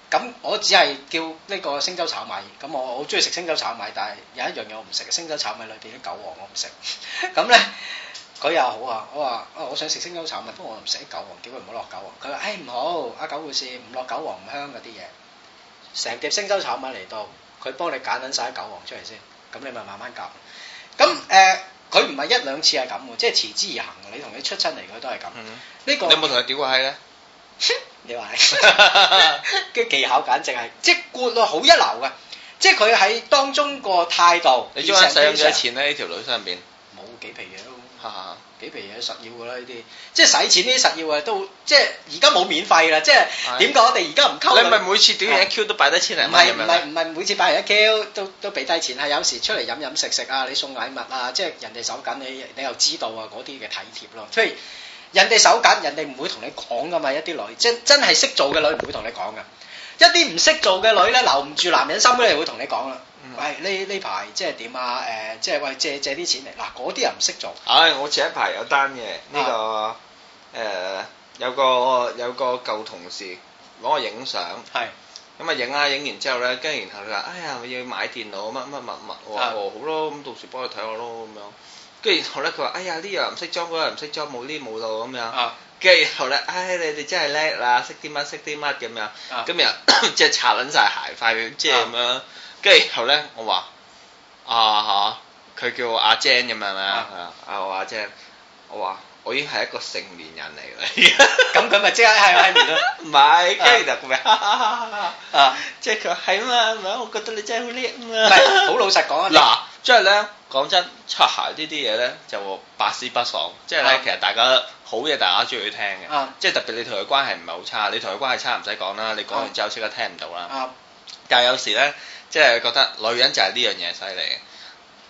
咁我只係叫呢個星洲炒米。咁我好中意食星洲炒米，但係有一樣嘢我唔食，星洲炒米裏邊啲韭黃我唔食。咁 (laughs) 咧，佢又好啊！我話哦，我想食星洲炒米，不過我唔食啲韭黃，叫佢唔好落韭黃。佢話誒唔好，阿九護士，唔落韭黃唔香嗰啲嘢。成碟星洲炒米嚟到，佢幫你揀緊晒啲韭黃出嚟先，咁你咪慢慢夾。咁誒，佢唔係一兩次係咁嘅，即係持之而行。你同佢出親嚟，佢都係咁。呢、嗯這個你有冇同佢屌過閪咧？ (laughs) 你話咧是，嘅 (laughs) (laughs) 技巧簡直係即係攰啊，好一流嘅。即係佢喺當中個態度，你依家使咗幾多錢咧？呢條女身邊冇幾皮嘢咯。 (laughs) 幾皮嘢實要噶啦呢啲，即係使錢呢啲實要啊，都即係而家冇免費噶啦，即係點解我哋而家唔溝女？你唔係每次短人一 Q 都擺得千零？唔係唔係唔係每次擺完一 Q 都都俾低錢，係有時出嚟飲飲食食啊，你送禮物啊，即係人哋手緊你，你又知道啊，嗰啲嘅體貼咯、啊。即係人哋手緊，人哋唔會同你講噶嘛，一啲女，即係真係識做嘅女唔會同你講噶，一啲唔識做嘅女咧留唔住男人心咧，會同你講啦。係呢呢排即係點啊？誒，即係喂借借啲錢嚟嗱，嗰啲人唔識做。唉、哎，我前一排有單嘢，呢、這個誒是、呃，有個有個舊同事攞我影相，係咁啊影啊影完之後咧，跟住然後佢話哎呀，我要買電腦乜乜物物，哦好咯，咁到時幫佢睇下咯咁樣。跟住然後咧，佢話哎呀呢樣唔識裝，嗰樣唔識裝，冇呢冇到咁樣。啊，跟住是然後咧，唉、哎、你哋真係叻啦，識啲乜識啲乜咁樣。今日即係擦捻晒鞋，塊即係咁樣。 (coughs) (coughs) 跟住後咧，我話啊嚇，佢叫阿 Jane 咁樣啦，阿阿 j a n 我話我已經係一個成年人嚟啦，咁佢咪即刻喺喺面咯，唔係， (laughs) 跟住就佢咪即係佢話係啊嘛，我覺得你真係好叻啊，唔係，好老實講啊，嗱，即係咧講真出鞋呢啲嘢咧就百思不爽，即係咧其實大家好嘢，大家中意聽嘅，啊、即係特別你同佢關係唔係好差，你同佢關係差唔使講啦，你講完之後即刻聽唔到啦，但係有時咧。即係覺得女人就係呢樣嘢犀利嘅，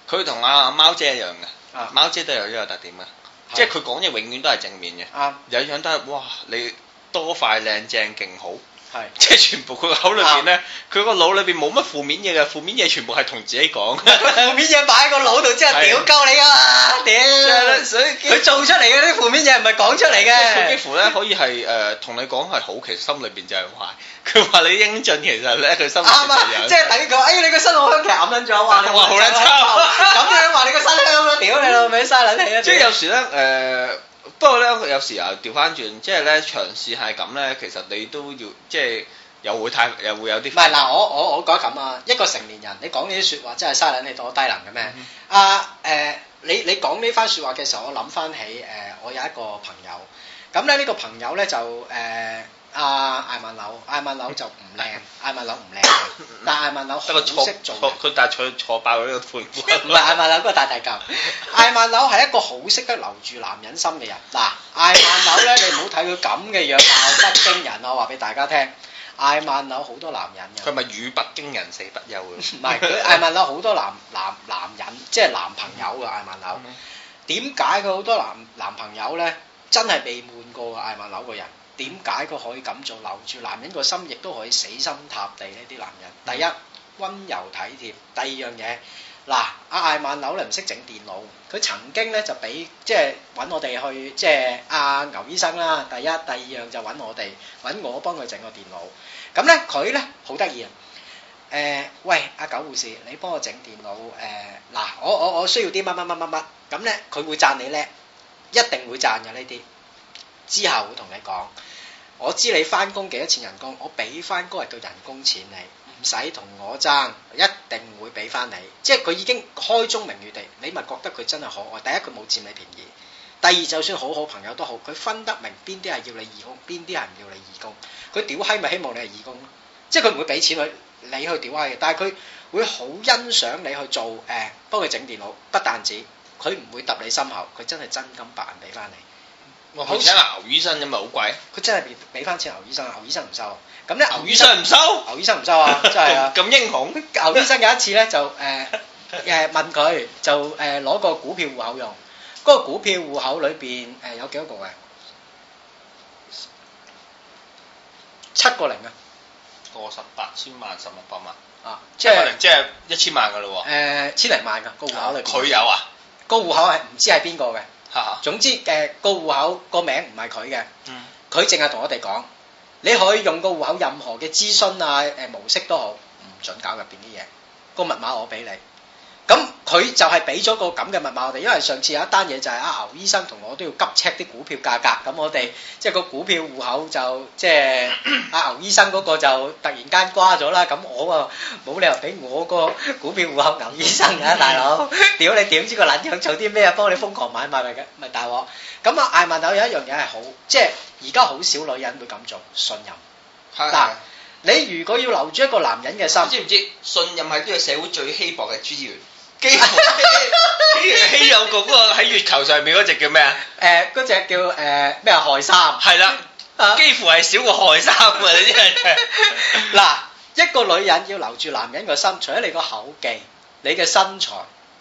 佢同阿貓姐一樣嘅，啊、貓姐都有呢個特點嘅，的即係佢講嘢永遠都係正面嘅，啊、有樣都係哇，你多塊靚正勁好。係，即係全部佢個口裏邊咧，佢個腦裏邊冇乜負面嘢噶，負面嘢全部係同自己講，負面嘢擺喺個腦度之後屌鳩你啊，屌！所以佢做出嚟嘅啲負面嘢唔係講出嚟嘅。佢幾乎咧可以係誒同你講係好，其實心裏邊就係壞。佢話你英俊，其實咧佢心裏邊就有。即係等於佢，哎你個身好香，其實暗忍咗，話你話好捻咁樣話你個身咁樣屌你老味，嘥卵氣啊！即係有時咧誒。不過咧，有時候調翻轉，即係咧嘗試係咁咧，其實你都要即係、就是、又會太又會有啲。唔係嗱，我我我講咁啊，一個成年人，你講呢啲説話真係嘥撚，你多低能嘅咩？啊誒，你你講呢番説話嘅時候，我諗翻起誒、呃，我有一個朋友，咁咧呢、呢個朋友咧就誒。呃啊！艾曼柳，艾曼柳就唔靚，艾曼柳唔靚，但係艾曼柳好識做，佢但係坐坐爆佢個褲褲啦。唔係，艾曼柳個大大舊。艾曼柳係一個好識得留住男人心嘅人。嗱，艾曼柳咧，你唔好睇佢咁嘅樣貌不驚人啊！話俾大家聽，艾曼柳好多男人。佢咪語不驚人，死不休嘅。唔係，佢艾曼柳好多男男男人，即係男朋友啊！艾曼柳，點解佢好多男男朋友咧？真係未滿過嘅艾曼柳個人。點解佢可以咁做留住男人個心，亦都可以死心塌地咧？啲男人，第一，温柔體貼，第二樣嘢嗱，阿艾曼柳你唔識整電腦，佢曾經咧就俾即係揾我哋去即係阿牛醫生啦。第一、第二樣就揾我哋，揾我幫佢整個電腦。咁咧佢咧好得意啊！誒，喂，阿狗護士，你幫我整電腦誒？嗱，我我我需要啲乜乜乜乜乜咁咧，佢會讚你叻，一定會讚嘅呢啲，之後會同你講。我知你翻工幾多錢人工，我俾翻嗰日嘅人工錢你，唔使同我爭，一定會俾翻你。即係佢已經開宗明義地，你咪覺得佢真係可愛。第一佢冇佔你便宜，第二就算好好朋友都好，佢分得明邊啲係要你義工，邊啲係唔要你義工。佢屌閪咪希望你係義工咯，即係佢唔會俾錢你去你去屌閪嘅，但係佢會好欣賞你去做誒、哎、幫佢整電腦，不但止，佢唔會揼你心口，佢真係真金白銀俾翻你。好似牛醫生咁咪好貴？佢真係俾俾翻錢牛醫生，牛醫生唔收。咁咧牛醫生唔收，牛醫生唔收，收啊！真係咁英雄。牛醫生有一次咧就誒誒、呃、 (laughs) 問佢就誒攞、呃、個股票戶口用，嗰、那個股票戶口裏邊誒、呃、有幾多個啊？七個零啊！個十八千萬十六百萬啊，即係即係一千萬噶咯、啊？誒、呃，千零萬噶、啊，那個戶口嚟。佢有啊？個戶口係唔知係邊個嘅？總之，誒個戶口個名唔係佢嘅，嗯，佢淨係同我哋講，你可以用個戶口任何嘅諮詢啊，誒、呃、模式都好，唔准搞入邊啲嘢，個密碼我俾你，咁。佢就係俾咗個咁嘅密碼我哋，因為上次有一單嘢就係阿牛醫生同我都要急 check 啲股票價格，咁我哋即係個股票戶口就即係阿牛醫生嗰個就突然間瓜咗啦。咁我啊冇理由俾我個股票戶口牛醫生㗎，大佬，屌你點知個撚樣做啲咩啊？幫你瘋狂買賣嚟嘅咪大鑊。咁啊，艾問頭有一樣嘢係好即係而家好少女人會咁做信任，嗱。你如果要留住一個男人嘅心，知唔知信任係呢個社會最稀薄嘅資源？幾乎稀有咁啊！喺月球上面嗰隻叫咩啊？誒、呃，嗰隻叫誒咩？海、呃、參係啦，幾乎係少個海參啊！你知唔知？嗱，一個女人要留住男人個心，除咗你個口技、你嘅身材，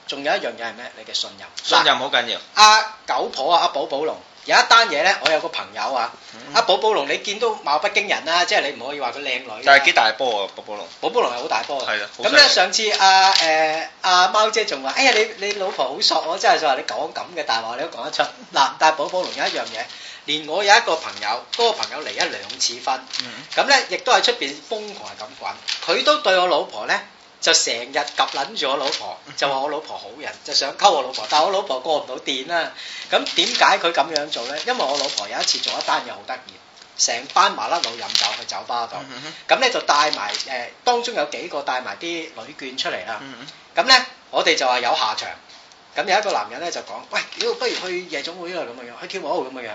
仲有一樣嘢係咩？你嘅信任，信任好緊要。阿、啊、九婆啊，阿寶寶龍。有一單嘢咧，我有個朋友啊，阿寶寶龍，你見到貌不驚人啦，即係你唔可以話佢靚女。但係幾大波啊，寶寶龍！寶寶龍係好大波啊。係啦。咁咧上次阿誒阿貓姐仲話：哎呀你你老婆好索，我真係就話你講咁嘅大話，你都講得出。嗱，但係寶寶龍有一樣嘢，連我有一個朋友，嗰個朋友離咗兩次婚，咁咧亦都喺出邊瘋狂咁滾，佢都對我老婆咧。就成日及撚住我老婆，就話我老婆好人，就想溝我老婆，但係我老婆過唔到電啦。咁點解佢咁樣做咧？因為我老婆有一次做一單嘢好得意，成班麻甩佬飲酒去酒吧度，咁咧就帶埋誒，當中有幾個帶埋啲女眷出嚟啦。咁咧，我哋就話有下場。咁有一個男人咧就講：喂，不如去夜總會啊咁嘅樣，去跳舞啊咁嘅樣。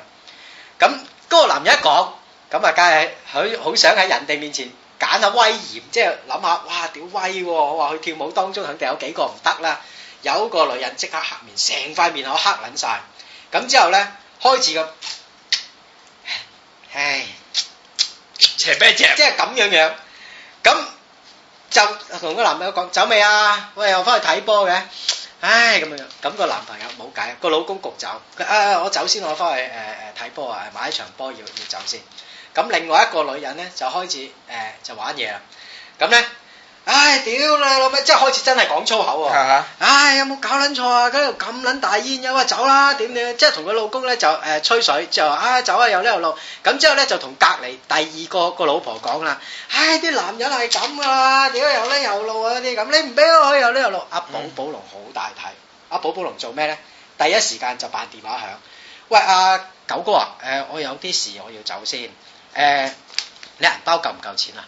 咁嗰個男人一講，咁啊，梗係佢好想喺人哋面前。揀下威嚴，即係諗下，哇！屌威，我話佢跳舞當中肯定有幾個唔得啦，有個女人即刻黑面，成塊面我黑撚晒，咁之後咧開始咁，唉，邪乜只，即係咁樣樣，咁就同個男朋友講，走未啊？喂，我翻去睇波嘅，唉，咁樣，咁個男朋友冇計，個老公焗走，啊，我走先，我翻去誒誒睇波啊，買一場波要要走先。咁另外一個女人咧就開始誒就玩嘢啦，咁咧，唉屌啦老妹，即係開始真係講粗口喎！唉有冇搞撚錯啊？咁又咁撚大煙嘢，哇走啦點點！即係同佢老公咧就誒吹水，就啊走啊又呢又路。咁之後咧就同隔籬第二個個老婆講啦，唉啲男人係咁噶啦，點解又呢又路啊啲咁，你唔俾我去又呢又路。阿寶寶龍好大體，阿寶寶龍做咩咧？第一時間就扮電話響，喂，阿九哥啊，誒我有啲事我要走先。誒、呃，你銀包夠唔夠錢啊？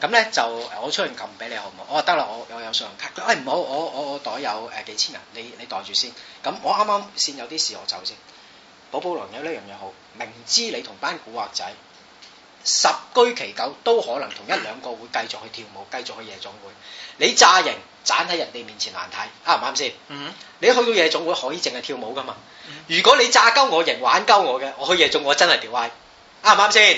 咁咧、嗯、哼就我出完金俾你好唔好？我話得啦，我我有信用卡。佢話唔好，我我我袋有誒、呃、幾千人，你你袋住先。咁我啱啱先有啲事，我走先。寶寶娘有呢樣嘢好，明知你同班古惑仔十居其九都可能同一兩個會繼續去跳舞，繼續去夜總會。你詐型，盞喺人哋面前難睇，啱唔啱先？嗯、哼你去到夜總會可以淨係跳舞噶嘛？如果你詐鳩我型，玩鳩我嘅，我去夜總我真係掉 Y。啱唔啱先？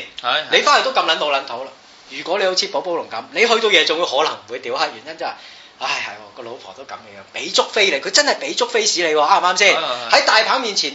你翻嚟都咁捻老捻土啦！如果你好似寶寶龍咁，你去到嘢，仲會可能唔會屌黑？原因就係、哎，唉，係個老婆都咁嘅樣，俾足飛你，佢真係俾足飛屎你，啱唔啱先？喺 (noise) (noise) (noise) 大牌面前，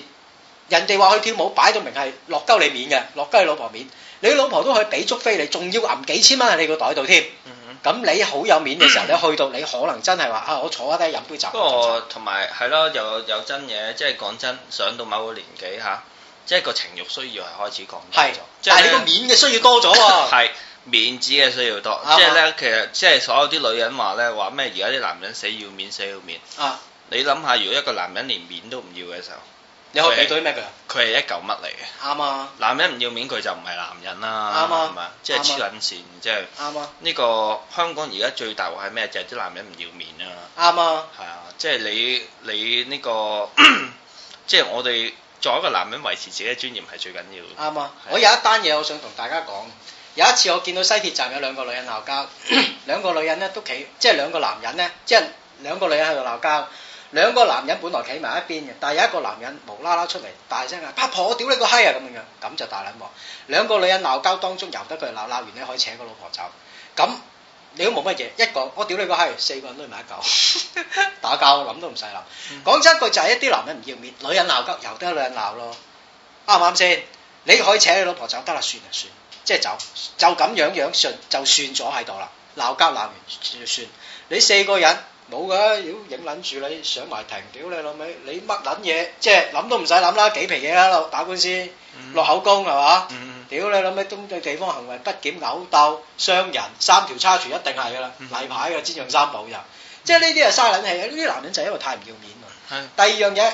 人哋話去跳舞擺到明係落鳩你面嘅，落鳩你老婆面，你老婆都去俾足飛你，仲要揞幾千蚊喺你個袋度添。咁、嗯嗯嗯、你好有面嘅時候，你去到你可能真係話啊，我坐低飲杯酒。不過同埋係咯，又又有真嘢，即係講真，上到某個年紀吓。啊即係個情慾需要係開始降低咗，但係你個面嘅需要多咗。係面子嘅需要多，即係咧其實即係所有啲女人話咧話咩？而家啲男人死要面，死要面。啊！你諗下，如果一個男人連面都唔要嘅時候，你冇俾到咩佢？佢係一嚿乜嚟嘅？啱啊！男人唔要面，佢就唔係男人啦。啱啊！係咪？即係黐撚線，即係。啱啊！呢個香港而家最大鑊係咩？就係啲男人唔要面啊！啱啊！係啊！即係你你呢個，即係我哋。作為一個男人維持自己嘅尊嚴係最緊要。啱啊！是的 我有一單嘢我想同大家講。有一次我見到西鐵站有兩個女人鬧交，兩 (coughs) 個女人咧都企，即係兩個男人咧，即係兩個女人喺度鬧交，兩個男人本來企埋一邊嘅，但係有一個男人無啦啦出嚟，大聲嗌，阿婆，我屌你個閪啊咁樣，咁就大捻喎。兩個女人鬧交當中，由得佢鬧，鬧完咧可以請個老婆走，咁。你都冇乜嘢，一個我屌你個閪，四個人都要埋一嚿打交，諗都唔使諗。講真句就係一啲男人唔要面，女人鬧交由得女人鬧咯，啱唔啱先？你可以請你老婆走，得啦，算啦算，即係走，就咁樣樣算就算咗喺度啦。鬧交鬧完就算，你四個人冇噶，要影撚住你，上埋庭，屌你老味，你乜撚嘢？即係諗都唔使諗啦，幾皮嘢喺度打官司，落口供係嘛？屌你諗起東，對地方行為不檢、毆鬥傷人三條差船一定係噶啦，例牌嘅，先用三寶 (laughs) 人，即係呢啲係嘥撚氣。呢啲男人就係因為太唔要面啊。 (laughs) 第二樣嘢，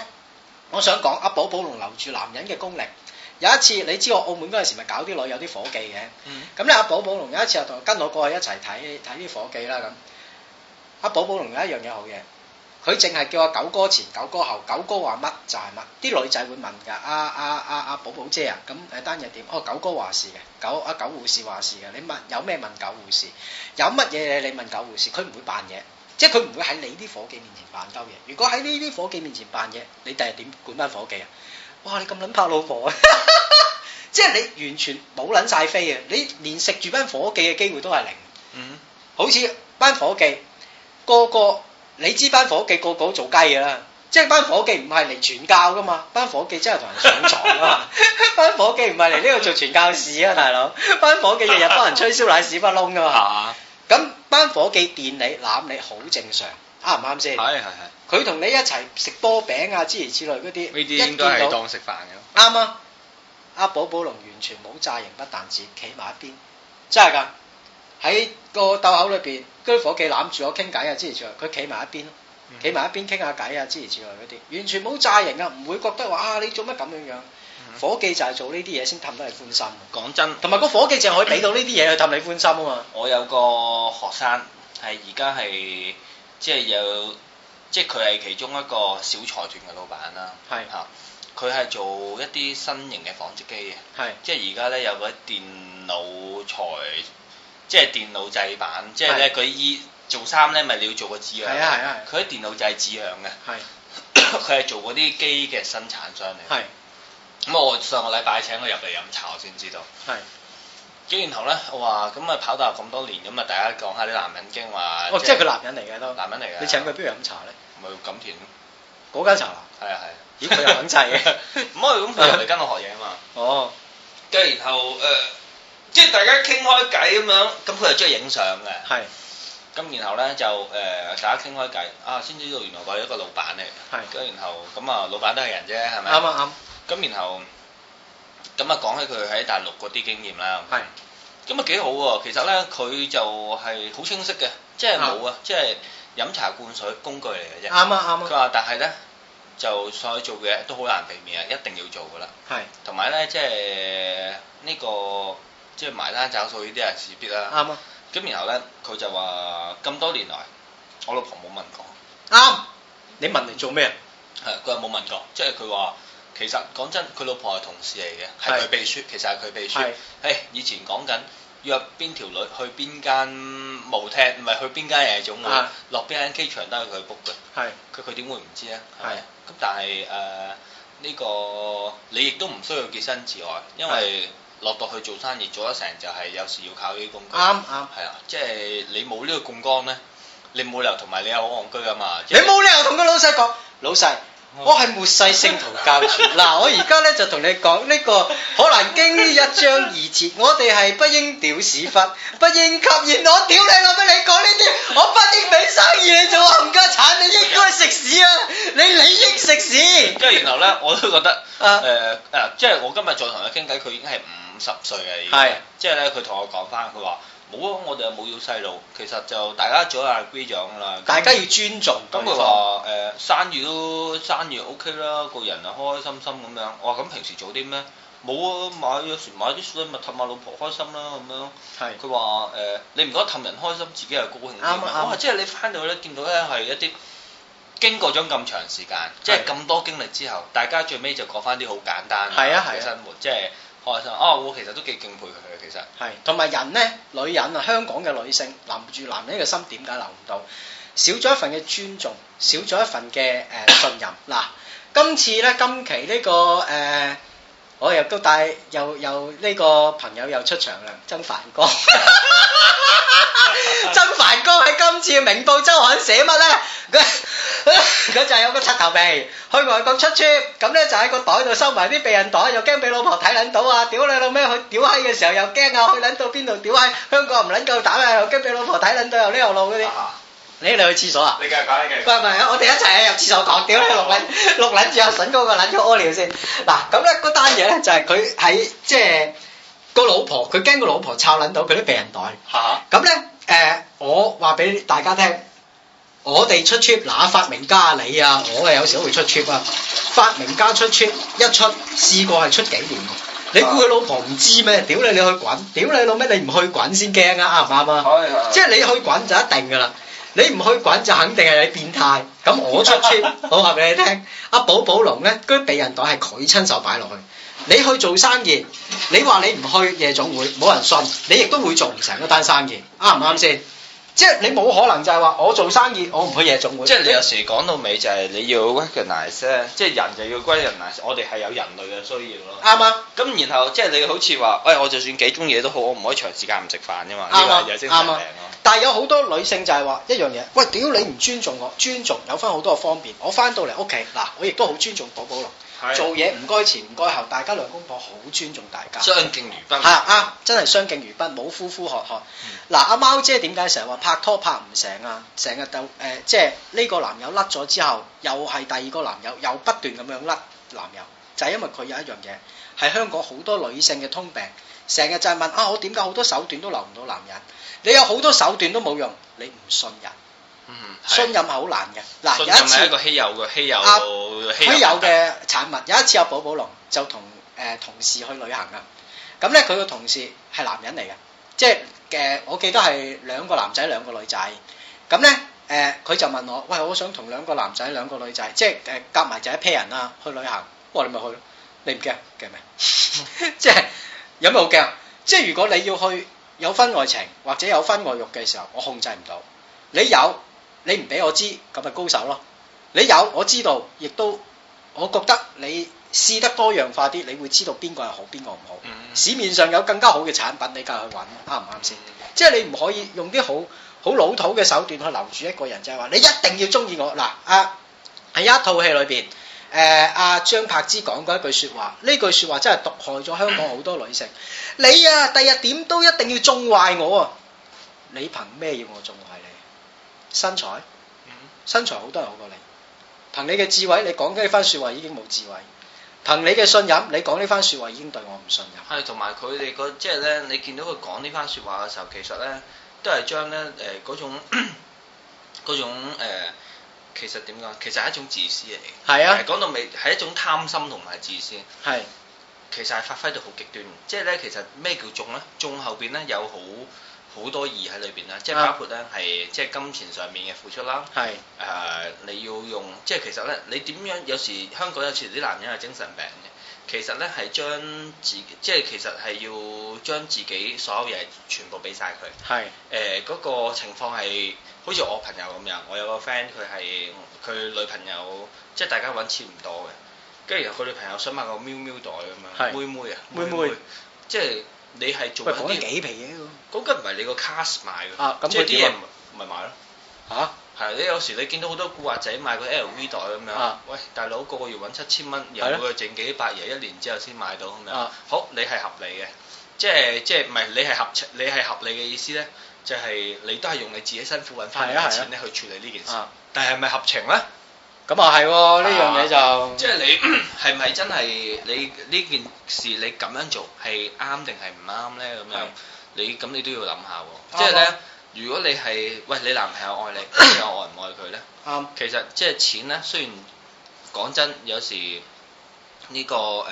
我想講阿寶寶龍留住男人嘅功力。有一次你知我澳門嗰陣時咪搞啲女有啲伙計嘅，咁咧阿寶寶龍有一次就同跟我過去一齊睇睇啲伙計啦咁。阿寶寶龍有一樣嘢好嘢。佢淨係叫阿狗哥前狗哥後，狗哥話乜就係乜。啲女仔會問㗎，阿阿阿阿寶寶姐啊，咁單日點？哦，狗哥話事嘅，狗阿狗護士話事嘅。你問有咩問狗護士？有乜嘢你問狗護士？佢唔會扮嘢，即係佢唔會喺你啲伙計面前扮兜嘢。如果喺呢啲伙計面前扮嘢，你第日點管班伙，伙計啊？哇！你咁撚怕老婆啊！ (laughs) 即係你完全冇撚晒飛啊！你連食住班伙計嘅機會都係零。嗯。好似班伙，伙計個個。你知班伙計個個做雞噶啦，即係班伙計唔係嚟傳教噶嘛，班伙計真係同人上床啊嘛，班伙計唔係嚟呢度做傳教士啊，大佬，班伙計日日幫人吹燒奶屎忽窿噶嘛，咁班伙計電你攬你好正常，啱唔啱先？係係係，佢同你一齊食波餅啊，之如此類嗰啲，呢啲應該係當食飯嘅，啱啊，阿寶寶龍完全冇詐型不但止企埋一邊，真係噶，喺個斗口裏邊。跟伙計攬住我傾偈啊，之餘之外，佢企埋一邊咯，企埋一邊傾下偈啊，之餘之外嗰啲，完全冇炸型啊，唔會覺得話啊，你做乜咁樣樣？伙計就係做呢啲嘢先氹得你歡心。講真，同埋個伙計淨係可以俾到呢啲嘢去氹你歡心啊嘛。我有個學生係而家係即係有，即係佢係其中一個小財團嘅老闆啦。係嚇是，佢係、啊、做一啲新型嘅紡織機嘅。係是，即係而家咧有嗰啲電腦材。即係電腦製版，即係咧佢依做衫咧，咪你要做個紙樣。係啊係啊係。佢喺電腦製紙樣嘅。係。佢係做嗰啲機嘅生產商嚟。係。咁我上個禮拜請佢入嚟飲茶，我先知道。係。咁然後咧，我話咁啊跑到咁多年，咁啊大家講下啲男人經話。哦，即係佢男人嚟嘅都。男人嚟嘅。你請佢邊度飲茶咧？咪錦田咯。嗰間茶樓。係啊係啊。咦！佢又揾制嘅，唔可以咁佢入嚟跟我學嘢啊嘛。哦。跟住然後誒。即係大家傾開偈咁樣，咁佢又中意影相嘅。係。咁然後咧就誒，大家傾開偈啊，先知道原來佢係一個老闆嚟。係。咁然後咁啊，老闆都係人啫，係咪？啱啊啱。咁然後，咁啊講起佢喺大陸嗰啲經驗啦。係。咁啊幾好喎，其實咧佢就係好清晰嘅，即係冇啊，即係飲茶灌水工具嚟嘅啫。啱啊啱啊。佢話：但係咧，就所做嘅都好難避免啊，一定要做噶啦。係。同埋咧，即係呢個。即係埋單找數呢啲係勢必啦，啱啊！咁然後咧，佢就話咁多年來，我老婆冇問過，啱、啊，你問嚟做咩？係、嗯，佢又冇問過，即係佢話，其實講真，佢老婆係同事嚟嘅，係佢秘書，其實係佢秘書。誒是，以前講緊約邊條女去邊間舞廳，唔係去邊間夜總會，落邊間機場都係佢 book 嘅，係是，佢佢點會唔知咧？係，咁、嗯、但係誒，呢、呃呃這個你亦都唔需要潔身自愛，因為。落到去做生意，做得成就係有時要靠呢啲工具。啱啱係啊，即係你冇呢個槓桿咧，你冇理由同埋你有好戇居噶嘛。你冇理由闆闆同個老細講，老細， (laughs) 我係末世聖徒教主嗱，我而家咧就同你講呢、呢個《可能經》一章二節， (laughs) 我哋係不應屌屎忽，不應吸熱我屌你，我俾你講呢啲，我不應俾生意你做冚家產，你應該食屎啊！你理應食屎。即係、嗯、然後咧，我都覺得誒嗱、呃，即係我今日再同佢傾偈，佢已經係唔。五十歲嘅，係即係咧。佢同我講翻，佢話冇啊，我哋又冇要細路。其實就大家咗下，agree 咗㗎啦。大家要尊重。咁佢話誒，生意都生意 OK 啦，個人啊開開心心咁樣。我話咁平時做啲咩？冇啊，買啊，買啲水咪氹下老婆開心啦，咁樣。係。佢話誒，你唔覺得氹人開心，自己係高興啲嘛？啱。即係你翻到咧，見到咧係一啲經過咗咁長時間，即係咁多經歷之後，大家最尾就過翻啲好簡單嘅生活，即係。啊、哦！我其實都幾敬佩佢嘅，其實係同埋人咧，女人啊，香港嘅女性留住男，男人嘅心，點解留唔到？少咗一份嘅尊重，少咗一份嘅、呃、 (coughs) 誒信任。嗱，今次咧，今期呢、呢個誒。呃我又都帶又又呢個朋友又出場啦，曾凡哥。曾凡哥喺今次明報週刊寫乜咧？佢佢就係有個七頭鼻，去外國出差咁咧，就喺個袋度收埋啲避孕袋，又驚俾老婆睇撚到啊！屌你老咩去屌閪嘅時候又驚啊！去撚到邊度屌閪？香港唔撚夠膽啊！又驚俾老婆睇撚到又呢條路嗰啲。誒，你去廁所啊？你今日講呢嘅。唔係唔係，我哋一齊入廁所講，屌你六捻六捻住阿神哥個捻咗屙尿先。嗱，咁咧個單嘢咧就係佢喺即係個老婆，佢驚個老婆抄捻到佢啲病人袋。嚇！咁咧誒，我話俾大家聽，我哋出 trip 嗱，發明家你啊，我啊有時都會出 trip 啊，發明家出 trip 一出，試過係出幾年。你估佢老婆唔知咩？屌你，你去滾！屌你老咩？你唔去滾先驚啊？啱唔啱啊？即係你去滾就一定噶啦。你唔去滾就肯定係你變態，咁我出村，我話俾你聽，阿寶寶龍咧嗰啲避孕袋係佢親手擺落去。你去做生意，你話你唔去夜總會，冇人信，你亦都會做唔成一單生意，啱唔啱先？即係你冇可能就係話我做生意我唔去夜總會。即係你有時講到尾就係你要 recognize 即係人就要歸人 nice。我哋係有人類嘅需要咯。啱啊吧。咁然後即係你好似話，喂我就算幾鍾嘢都好，我唔可以長時間唔食飯㗎嘛。啱吧啊。啱啊吧。但係有好多女性就係話一樣嘢，喂屌你唔尊重我，尊重有返好多嘅方便。我返到嚟屋企嗱，我亦都好尊重寶寶咯。做嘢唔該前唔該後，大家兩公婆好尊重大家。相敬如賓。係啊，真係相敬如賓，冇呼呼喝喝。嗱、嗯，阿、啊、貓姐點解成日話拍拖拍唔成啊？成日、呃、就誒，即係呢個男友甩咗之後，又係第二個男友，又不斷咁樣甩男友，就係、是、因為佢有一樣嘢，係香港好多女性嘅通病，成日就係問啊，我點解好多手段都留唔到男人？你有好多手段都冇用，你唔信人。」嗯，信任係好難嘅。嗱，有一次一個稀有嘅，稀有阿，稀有嘅產物。有一次我寶寶龍就同誒、呃、同事去旅行啊。咁咧佢個同事係男人嚟嘅，即係誒、呃、我記得係兩個男仔兩個女仔。咁咧誒佢就問我，喂，我想同兩個男仔兩個女仔，即係誒夾埋就一批人啊，去旅行。我話你咪去咯，你唔驚驚咩？即係有咩好驚？即係如果你要去有婚外情或者有婚外欲嘅時候，我控制唔到。你有？你唔俾我知，咁咪高手咯。你有我知道，亦都我覺得你試得多樣化啲，你會知道邊個係好，邊個唔好。市面上有更加好嘅產品，你梗係去揾啱唔啱先。對對嗯、即係你唔可以用啲好好老土嘅手段去留住一個人，就係、是、話你一定要中意我嗱。喺、啊、一套戲裏邊，誒阿張柏芝講過一句説話，呢句説話真係毒害咗香港好多女性。嗯、你啊，第日點都一定要中壞我啊！你憑咩要我中？身材，身材好多人好過你。憑你嘅智慧，你講呢番說話已經冇智慧。憑你嘅信任，你講呢番說話已經對我唔信任。係，同埋佢哋個即係咧，你見到佢講呢番說話嘅時候，其實咧都係將咧誒嗰種嗰種誒，其實點講、呃？其實係一種自私嚟嘅。係啊。講到尾係一種貪心同埋自私。係。其實係發揮到好極端。即係咧，其實咩叫重咧？重後邊咧有好。好多意喺裏邊啦，即係包括咧係即係金錢上面嘅付出啦。係是，誒、呃、你要用，即係其實咧，你點樣？有時香港有時啲男人係精神病嘅，其實咧係將自己即係其實係要將自己所有嘢全部俾晒佢。係是，誒嗰、呃那個情況係好似我朋友咁樣，我有個 friend 佢係佢女朋友，即係大家揾錢唔多嘅，跟住佢女朋友想買個喵喵袋咁樣，是妹妹啊，妹妹，妹妹妹妹即係你係做。喂，講啲幾皮嘢，啊。咁梗唔係你個 cast 買嘅，即係啲嘢咪買咯嚇。係你有時你見到好多古惑仔買個 LV 袋咁樣，喂大佬個個月揾七千蚊，又每個剩幾百嘢，一年之後先買到咁樣。好，你係合理嘅，即係即係唔係你係合情你係合理嘅意思咧？就係你都係用你自己辛苦揾翻嚟嘅錢咧去處理呢件事。但係係咪合情咧？咁啊係喎，呢樣嘢就即係你係唔係真係你呢件事你咁樣做係啱定係唔啱咧咁樣？你咁你都要諗下喎，即係咧，如果你係喂你男朋友愛你， (coughs) 你又愛唔愛佢咧？啱， (coughs) 其實即係錢咧，雖然講真有時呢個誒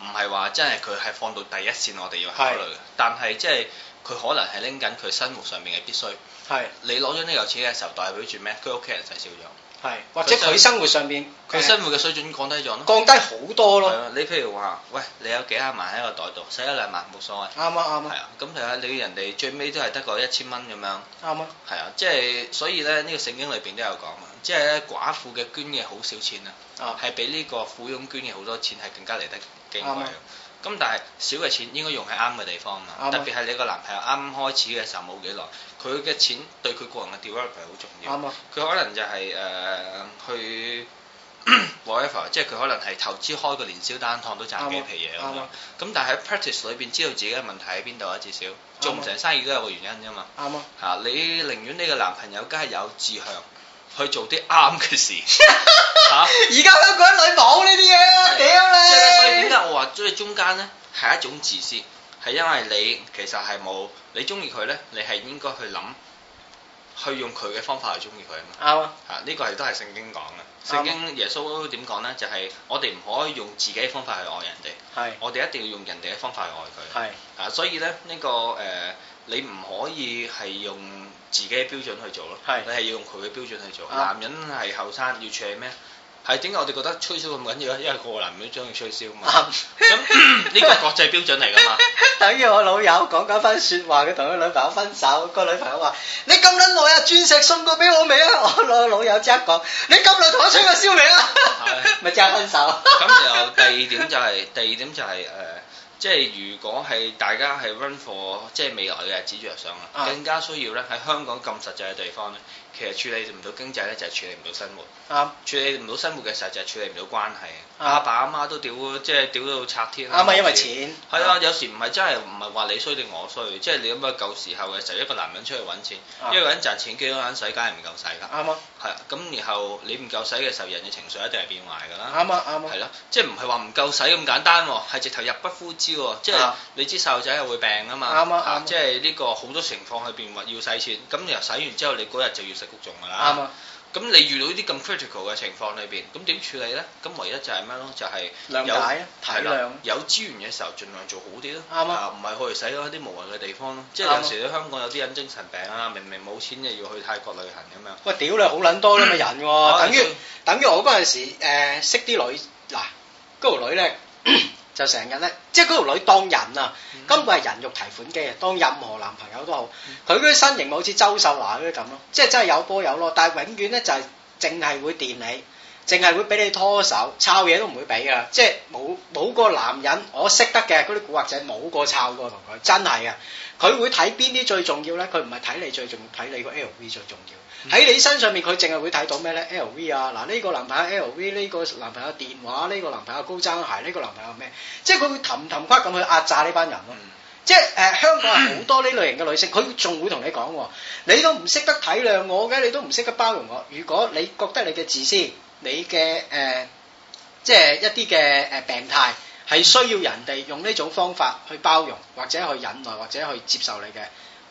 唔係話真係佢係放到第一線，我哋要考慮嘅，是但係即係佢可能係拎緊佢生活上面嘅必須。係是，你攞咗呢嚿錢嘅時候，代表住咩？佢屋企人就少咗。係或者佢生，生活上邊佢生活嘅水準降低咗咯，降低好多咯、啊。你譬如話喂，你有幾廿萬喺個袋度，使一兩萬冇所謂。啱啊啱啊。係啊，咁睇下你人哋最尾都係得個一千蚊咁樣。啱啊。係啊，即係所以咧，呢、這個聖經裏邊都有講、哦、啊，即係咧寡婦嘅捐嘅好少錢啊，係比呢個富翁捐嘅好多錢係更加嚟得矜貴。咁但係少嘅錢應該用喺啱嘅地方啊，特別係你個男朋友啱啱開始嘅時候冇幾耐。佢嘅錢對佢個人嘅 development 好重要。啱、嗯、啊！佢可能就係、是、誒、呃、去 whatever，即係佢可能係投資開個年宵單趟都賺幾皮嘢咁樣。咁但係喺 practice 裏邊知道自己嘅問題喺邊度，至少做唔成生意都有個原因啫嘛。啱、嗯、啊！嚇、啊，你寧願你嘅男朋友梗係有志向去做啲啱嘅事。嚇、 (laughs) 啊！而家香港女冇呢啲嘢，屌、啊、對 你！即係所以點解我話即係中間咧係一種自私。係因為你其實係冇你中意佢咧，你係應該去諗，去用佢嘅方法去中意佢啊嘛。啱啊！吓呢個係都係聖經講嘅。聖經耶穌點講咧？就係我哋唔可以用自己嘅方法去愛人哋，係我哋一定要用人哋嘅方法去愛佢。係啊，所以咧呢個誒，你唔可以係用自己嘅標準去做咯。係你係要用佢嘅標準去做。男人係後生要娶咩？係點解我哋覺得吹簫咁緊要咧？因為個男女都中意吹簫嘛。咁呢、 (laughs) 這個國際標準嚟噶嘛？ (laughs) 等於我老友講緊番說話，佢同佢女朋友分手，個女朋友話：你咁捻耐啊，鑽石送過俾我未啊？我老友即刻講：你咁耐同我吹個簫未啊？咪 (laughs) 即是 (laughs) 刻分手。咁 (laughs) 又第二點就係、是，第二點就係、是、誒、呃，即係如果係大家係 run for，即係未來嘅日子著想啊，更加需要咧喺香港咁實際嘅地方咧。其實處理唔到經濟咧，就係處理唔到生活。啱。處理唔到生活嘅時候，就係處理唔到關係。阿爸阿媽都屌，即係屌到拆天。啱啊，因為錢。係啊，有時唔係真係唔係話你衰定我衰，即係你咁嘅舊時候嘅時候，一個男人出去揾錢，一個人賺錢幾多人使，梗係唔夠使㗎。啱啊。係啊，咁然後你唔夠使嘅時候，人嘅情緒一定係變壞㗎啦。啱啊，啱啊。係咯，即係唔係話唔夠使咁簡單喎，係直頭入不敷支喎，即係你知細路仔係會病㗎嘛。啱啊，啱。即係呢個好多情況裏邊話要使錢，咁然後使完之後，你嗰日就要谷，咁你遇到呢啲咁 critical 嘅情況裏邊，咁點處理呢？咁唯一就係咩咯？就係、是、量解啊，體諒有資源嘅時候，儘量做好啲咯，啱吧啊！唔係去使一啲無謂嘅地方咯，即係有時喺香港有啲人精神病啊，明明冇錢，就要去泰國旅行咁樣。喂，屌你，好撚多啦嘛人，等於等於我嗰陣時誒、呃、識啲女，嗱高女呢。就成日咧，即係嗰條女當人啊，根本係人肉提款機啊，當任何男朋友都好，佢嗰啲身形好似周秀華嗰啲咁咯，即係真係有波有籮，但係永遠咧就係淨係會電你，淨係會俾你拖手，抄嘢都唔會俾噶，即係冇冇個男人我識得嘅嗰啲古惑仔冇個抄過同佢，真係啊！佢會睇邊啲最重要咧？佢唔係睇你最重要，睇你個 LV 最重要。喺你身上面，佢淨係會睇到咩咧？LV 啊，嗱、呢、呢個男朋友 LV，呢個男朋友電話，呢、呢個男朋友高踭鞋，呢、呢個男朋友咩？即係佢會氹氹骨咁去壓榨呢班人咯。嗯、即係誒、呃、香港係好多呢類型嘅女性，佢仲會同你講，你都唔識得體諒我嘅，你都唔識得包容我。如果你覺得你嘅自私，你嘅誒、呃，即係一啲嘅誒病態。係需要人哋用呢種方法去包容，或者去忍耐，或者去接受你嘅，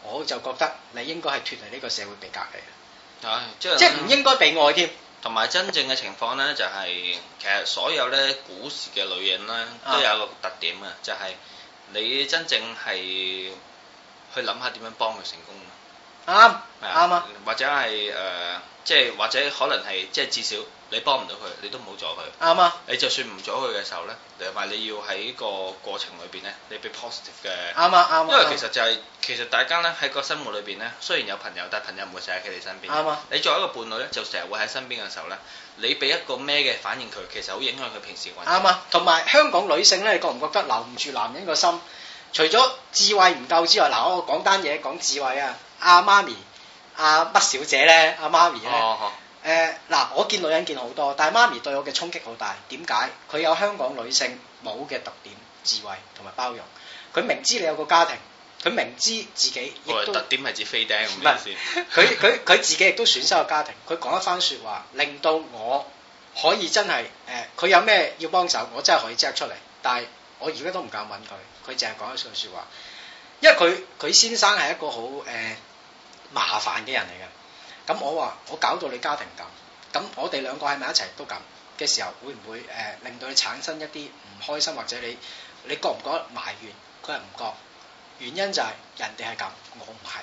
我就覺得你應該係脫離呢個社會被隔離。唉、啊，即係唔應該被愛添。同埋、啊、真正嘅情況呢，就係、是、其實所有呢古時嘅女人呢，都有一個特點啊，啊就係、是、你真正係去諗下點樣幫佢成功。啱啱啊，或者係誒，即、呃、係或者可能係即係至少。你幫唔到佢，你都唔好阻佢。啱、嗯、啊！你就算唔阻佢嘅時候咧，你話你要喺個過程裏邊咧，你俾 positive 嘅。啱啊啱啊！嗯、啊，因為其實就係、是嗯啊、其實大家咧喺個生活裏邊咧，雖然有朋友，但係朋友唔會成日喺你身邊。啱、嗯、啊！你作為一個伴侶咧，就成日會喺身邊嘅時候咧，你俾一個咩嘅反應佢，其實好影響佢平時運。啱、嗯、啊！同埋香港女性咧，你覺唔覺得留唔住男人個心？除咗智慧唔夠之外，嗱，我講單嘢講智慧啊！阿、啊、媽咪，阿、啊、乜小姐咧，阿、啊、媽咪咧。啊誒，嗱、呃，我見女人見好多，但係媽咪對我嘅衝擊好大。點解？佢有香港女性冇嘅特點，智慧同埋包容。佢明知你有個家庭，佢明知自己亦都特點係指飛釘唔係。佢佢佢自己亦都損失個家庭。佢講一番說話，令到我可以真係誒，佢、呃、有咩要幫手，我真係可以即刻出嚟。但係我而家都唔敢搵佢，佢淨係講一句說話，因為佢佢先生係一個好誒、呃、麻煩嘅人嚟嘅。咁我話我搞到你家庭咁，咁我哋兩個喺埋一齊都咁嘅時候，會唔會誒、呃、令到你產生一啲唔開心或者你你覺唔覺得埋怨？佢係唔覺，原因就係人哋係咁，我唔係。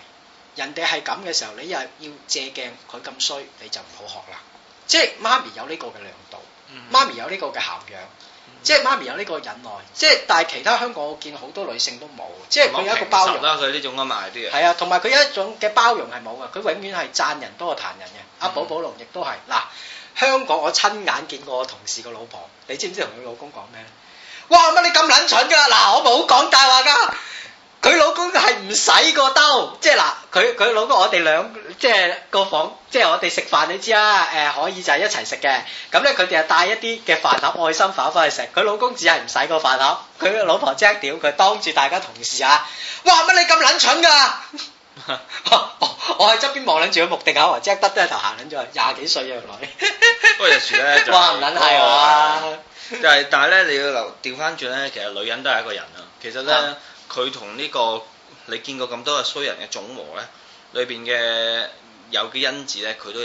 人哋係咁嘅時候，你又要借鏡佢咁衰，你就唔好學啦。即係媽咪有呢個嘅量度，媽咪有呢個嘅涵養。嗯、即係媽咪有呢個忍耐，即係但係其他香港我見好多女性都冇，即係佢有一個包容啦。佢呢種啊賣啲嘅。係啊，同埋佢有一種嘅包容係冇嘅，佢永遠係讚人多過彈人嘅。阿寶寶龍亦都係。嗱、嗯，香港我親眼見過我同事個老婆，你知唔知同佢老公講咩咧？哇！乜你咁撚蠢噶嗱、啊，我冇講大話噶 (laughs) 佢老公係唔使個兜，即係嗱，佢佢老公我哋兩個，即係個房，即係我哋食飯你知啦，誒、呃、可以就係一齊食嘅，咁咧佢哋係帶一啲嘅飯盒愛心飯盒翻去食，佢老公只係唔使個飯盒，佢老婆即刻屌佢，當住大家同事啊，哇，乜你咁撚蠢噶？我喺側邊望緊住佢目定口，即刻耷低頭行緊咗，廿幾歲原，啊這個，女， (laughs) 不過有時咧，哇唔撚係啊，就係但係咧你要留調翻轉咧，其實女人都係一個人啊，其實咧。 (laughs) 佢同呢個你見過咁多嘅衰人嘅總和咧，裏邊嘅有嘅因子咧，佢都有嘅，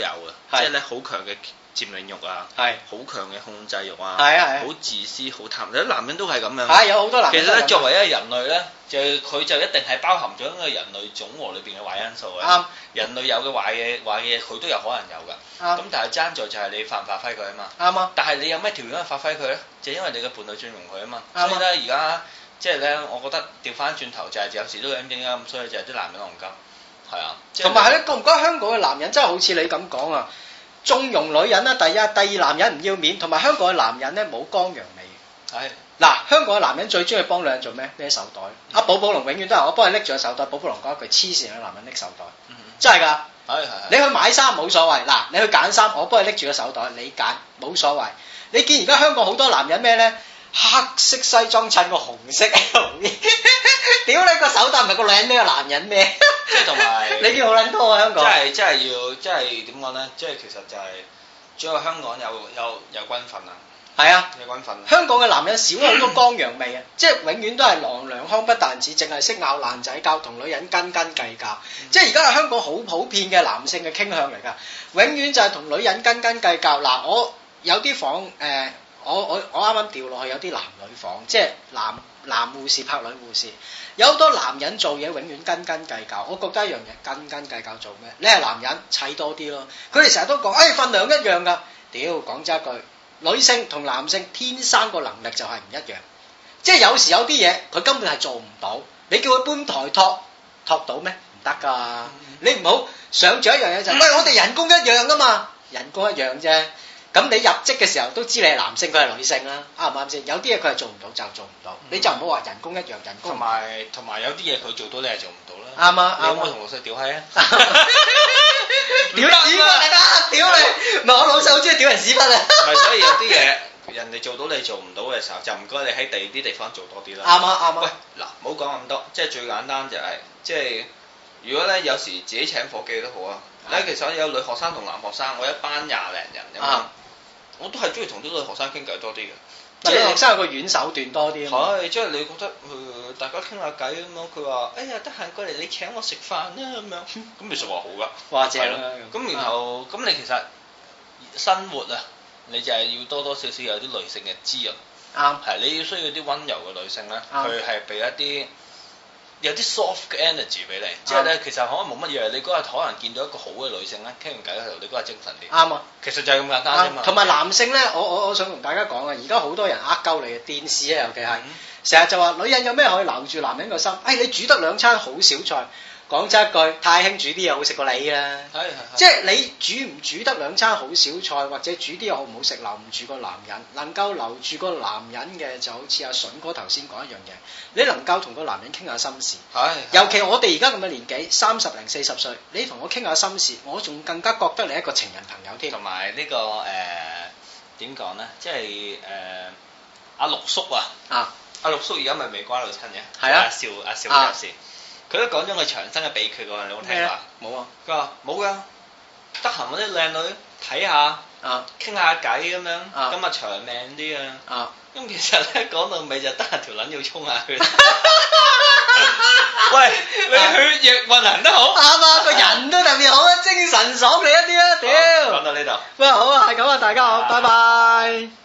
是吧 即係咧好強嘅佔領欲啊，係好是吧 強嘅控制欲啊，係啊係，好自私好貪，有啲男人都係咁樣、啊，有好多男，其實咧作為一個人類咧，就佢就一定係包含咗一個人類總和裏邊嘅壞因素嘅，對人類有嘅壞嘢壞嘢佢都有可能有㗎，咁對但係爭在就係你發唔發揮佢啊嘛，啱啊，但係你有咩條件去發揮佢咧？就因為你嘅伴侶縱容佢啊嘛，所以咧而家。即係咧，我覺得調翻轉頭就係有時都有 M D M，所以就係啲男人戇金。係啊。同埋係咧，覺唔覺得香港嘅男人真係好似你咁講啊？縱容女人啦，第一、第二，第二男人唔要面，同埋香港嘅男人咧冇剛陽味。係的。嗱，香港嘅男人最中意幫女人做咩？孭手袋。阿、嗯、寶寶龍永遠都係我幫你拎住個手袋。寶寶龍講一句：黐線嘅男人拎手袋，嗯、真係㗎。係係的的。你去買衫冇所謂。嗱，你去揀衫，我幫你拎住個手袋，你揀冇所謂。你見而家香港好多男人咩咧？黑色西裝，裝襯個紅色 LV，呵呵，屌你手個手袋唔係個靚咩男人咩？即係同埋你見好撚多啊香港，就是！即係真係要即係點講咧？即、就、係、是就是、其實就係、是，主要香港有有有軍訓啊！係啊，有軍訓。香港嘅男人少好多剛陽味啊！ (coughs) 即係永遠都係狼良腔，不但止，淨係識咬男仔教同女人斤斤計較。 (coughs) 即係而家係香港好普遍嘅男性嘅傾向嚟㗎，永遠就係同女人斤斤計較。嗱，我有啲房誒。呃呃呃呃呃呃呃呃我我我啱啱掉落去有啲男女房，即係男男護士拍女護士，有好多男人做嘢永遠斤斤計較。我覺得一樣嘢斤斤計較做咩？你係男人砌多啲咯。佢哋成日都講，哎，份量一樣噶。屌，講真一句，女性同男性天生個能力就係唔一樣，即係有時有啲嘢佢根本係做唔到。你叫佢搬台托，托到咩？唔得噶。你唔好想象一樣嘢就係喂，我哋人工一樣噶嘛，人工一樣啫。咁你入職嘅時候都知你係男性佢係女性啦，啱唔啱先？有啲嘢佢係做唔到就做唔到，你就唔好話人工一樣人工。同埋同埋有啲嘢佢做到你係做唔到啦。啱啊！啱唔啱同老細屌閪啊！屌你啊！屌你！我老細好中意屌人屎忽啊！咪所以有啲嘢人哋做到你做唔到嘅時候，就唔該你喺第二啲地方做多啲啦。啱啊啱啊！喂，嗱，唔好講咁多，即係最簡單就係即係如果咧有時自己請伙計都好啊。咧其實有女學生同男學生，我一班廿零人我都係中意同啲女學生傾偈多啲嘅，即係學生有個軟手段多啲。係，即係你覺得，佢、呃、大家傾下偈咁樣，佢話哎呀得閒過嚟，你請我食飯啦咁樣，咁咪實話好噶，話正咯。咁然後，咁、嗯、你其實生活啊，你就係要多多少少有啲女性嘅滋潤，啱係對，你要需要啲溫柔嘅女性啦，佢係俾一啲。有啲 soft 嘅 energy 俾你吧，即係咧其實可能冇乜嘢，你嗰日可能見到一個好嘅女性咧，傾完偈嗰頭你嗰日精神啲。啱啊吧，其實就係咁簡單啫嘛。同埋、嗯、男性咧，我我我想同大家講啊，而家好多人呃鳩你嘅電視啊，尤其係，成日就話女人有咩可以留住男人個心？哎，你煮得兩餐好少菜。講真一句，太興煮啲嘢好食過你啦。係係係。即係你煮唔煮得兩餐好小菜，或者煮啲嘢好唔好食，留唔住個男人。能夠留住個男人嘅，就好似阿筍哥頭先講一樣嘢。你能夠同個男人傾下心事，係。尤其我哋而家咁嘅年紀，三十零四十歲，你同我傾下心事，我仲更加覺得你係一個情人朋友添。同埋、這個呃、呢個誒點講咧？即係誒阿陸叔啊。啊。阿陸、啊、叔而家咪未關老親嘅。係啊。阿少、啊。阿少暫時。佢都講咗個長生嘅秘訣喎，你有冇聽啊？冇啊！佢話冇㗎，得閒嗰啲靚女睇下，傾下偈咁樣，咁啊長命啲啊！咁、啊、其實咧講到尾就得閒條撚要衝下佢。 (laughs) 喂，啊、你血液運行得好，啱啊！個人都特別好啊，精神爽利一啲啊，屌！講到呢度，喂好啊，咁啊，大家好，拜拜、啊。Bye bye bye.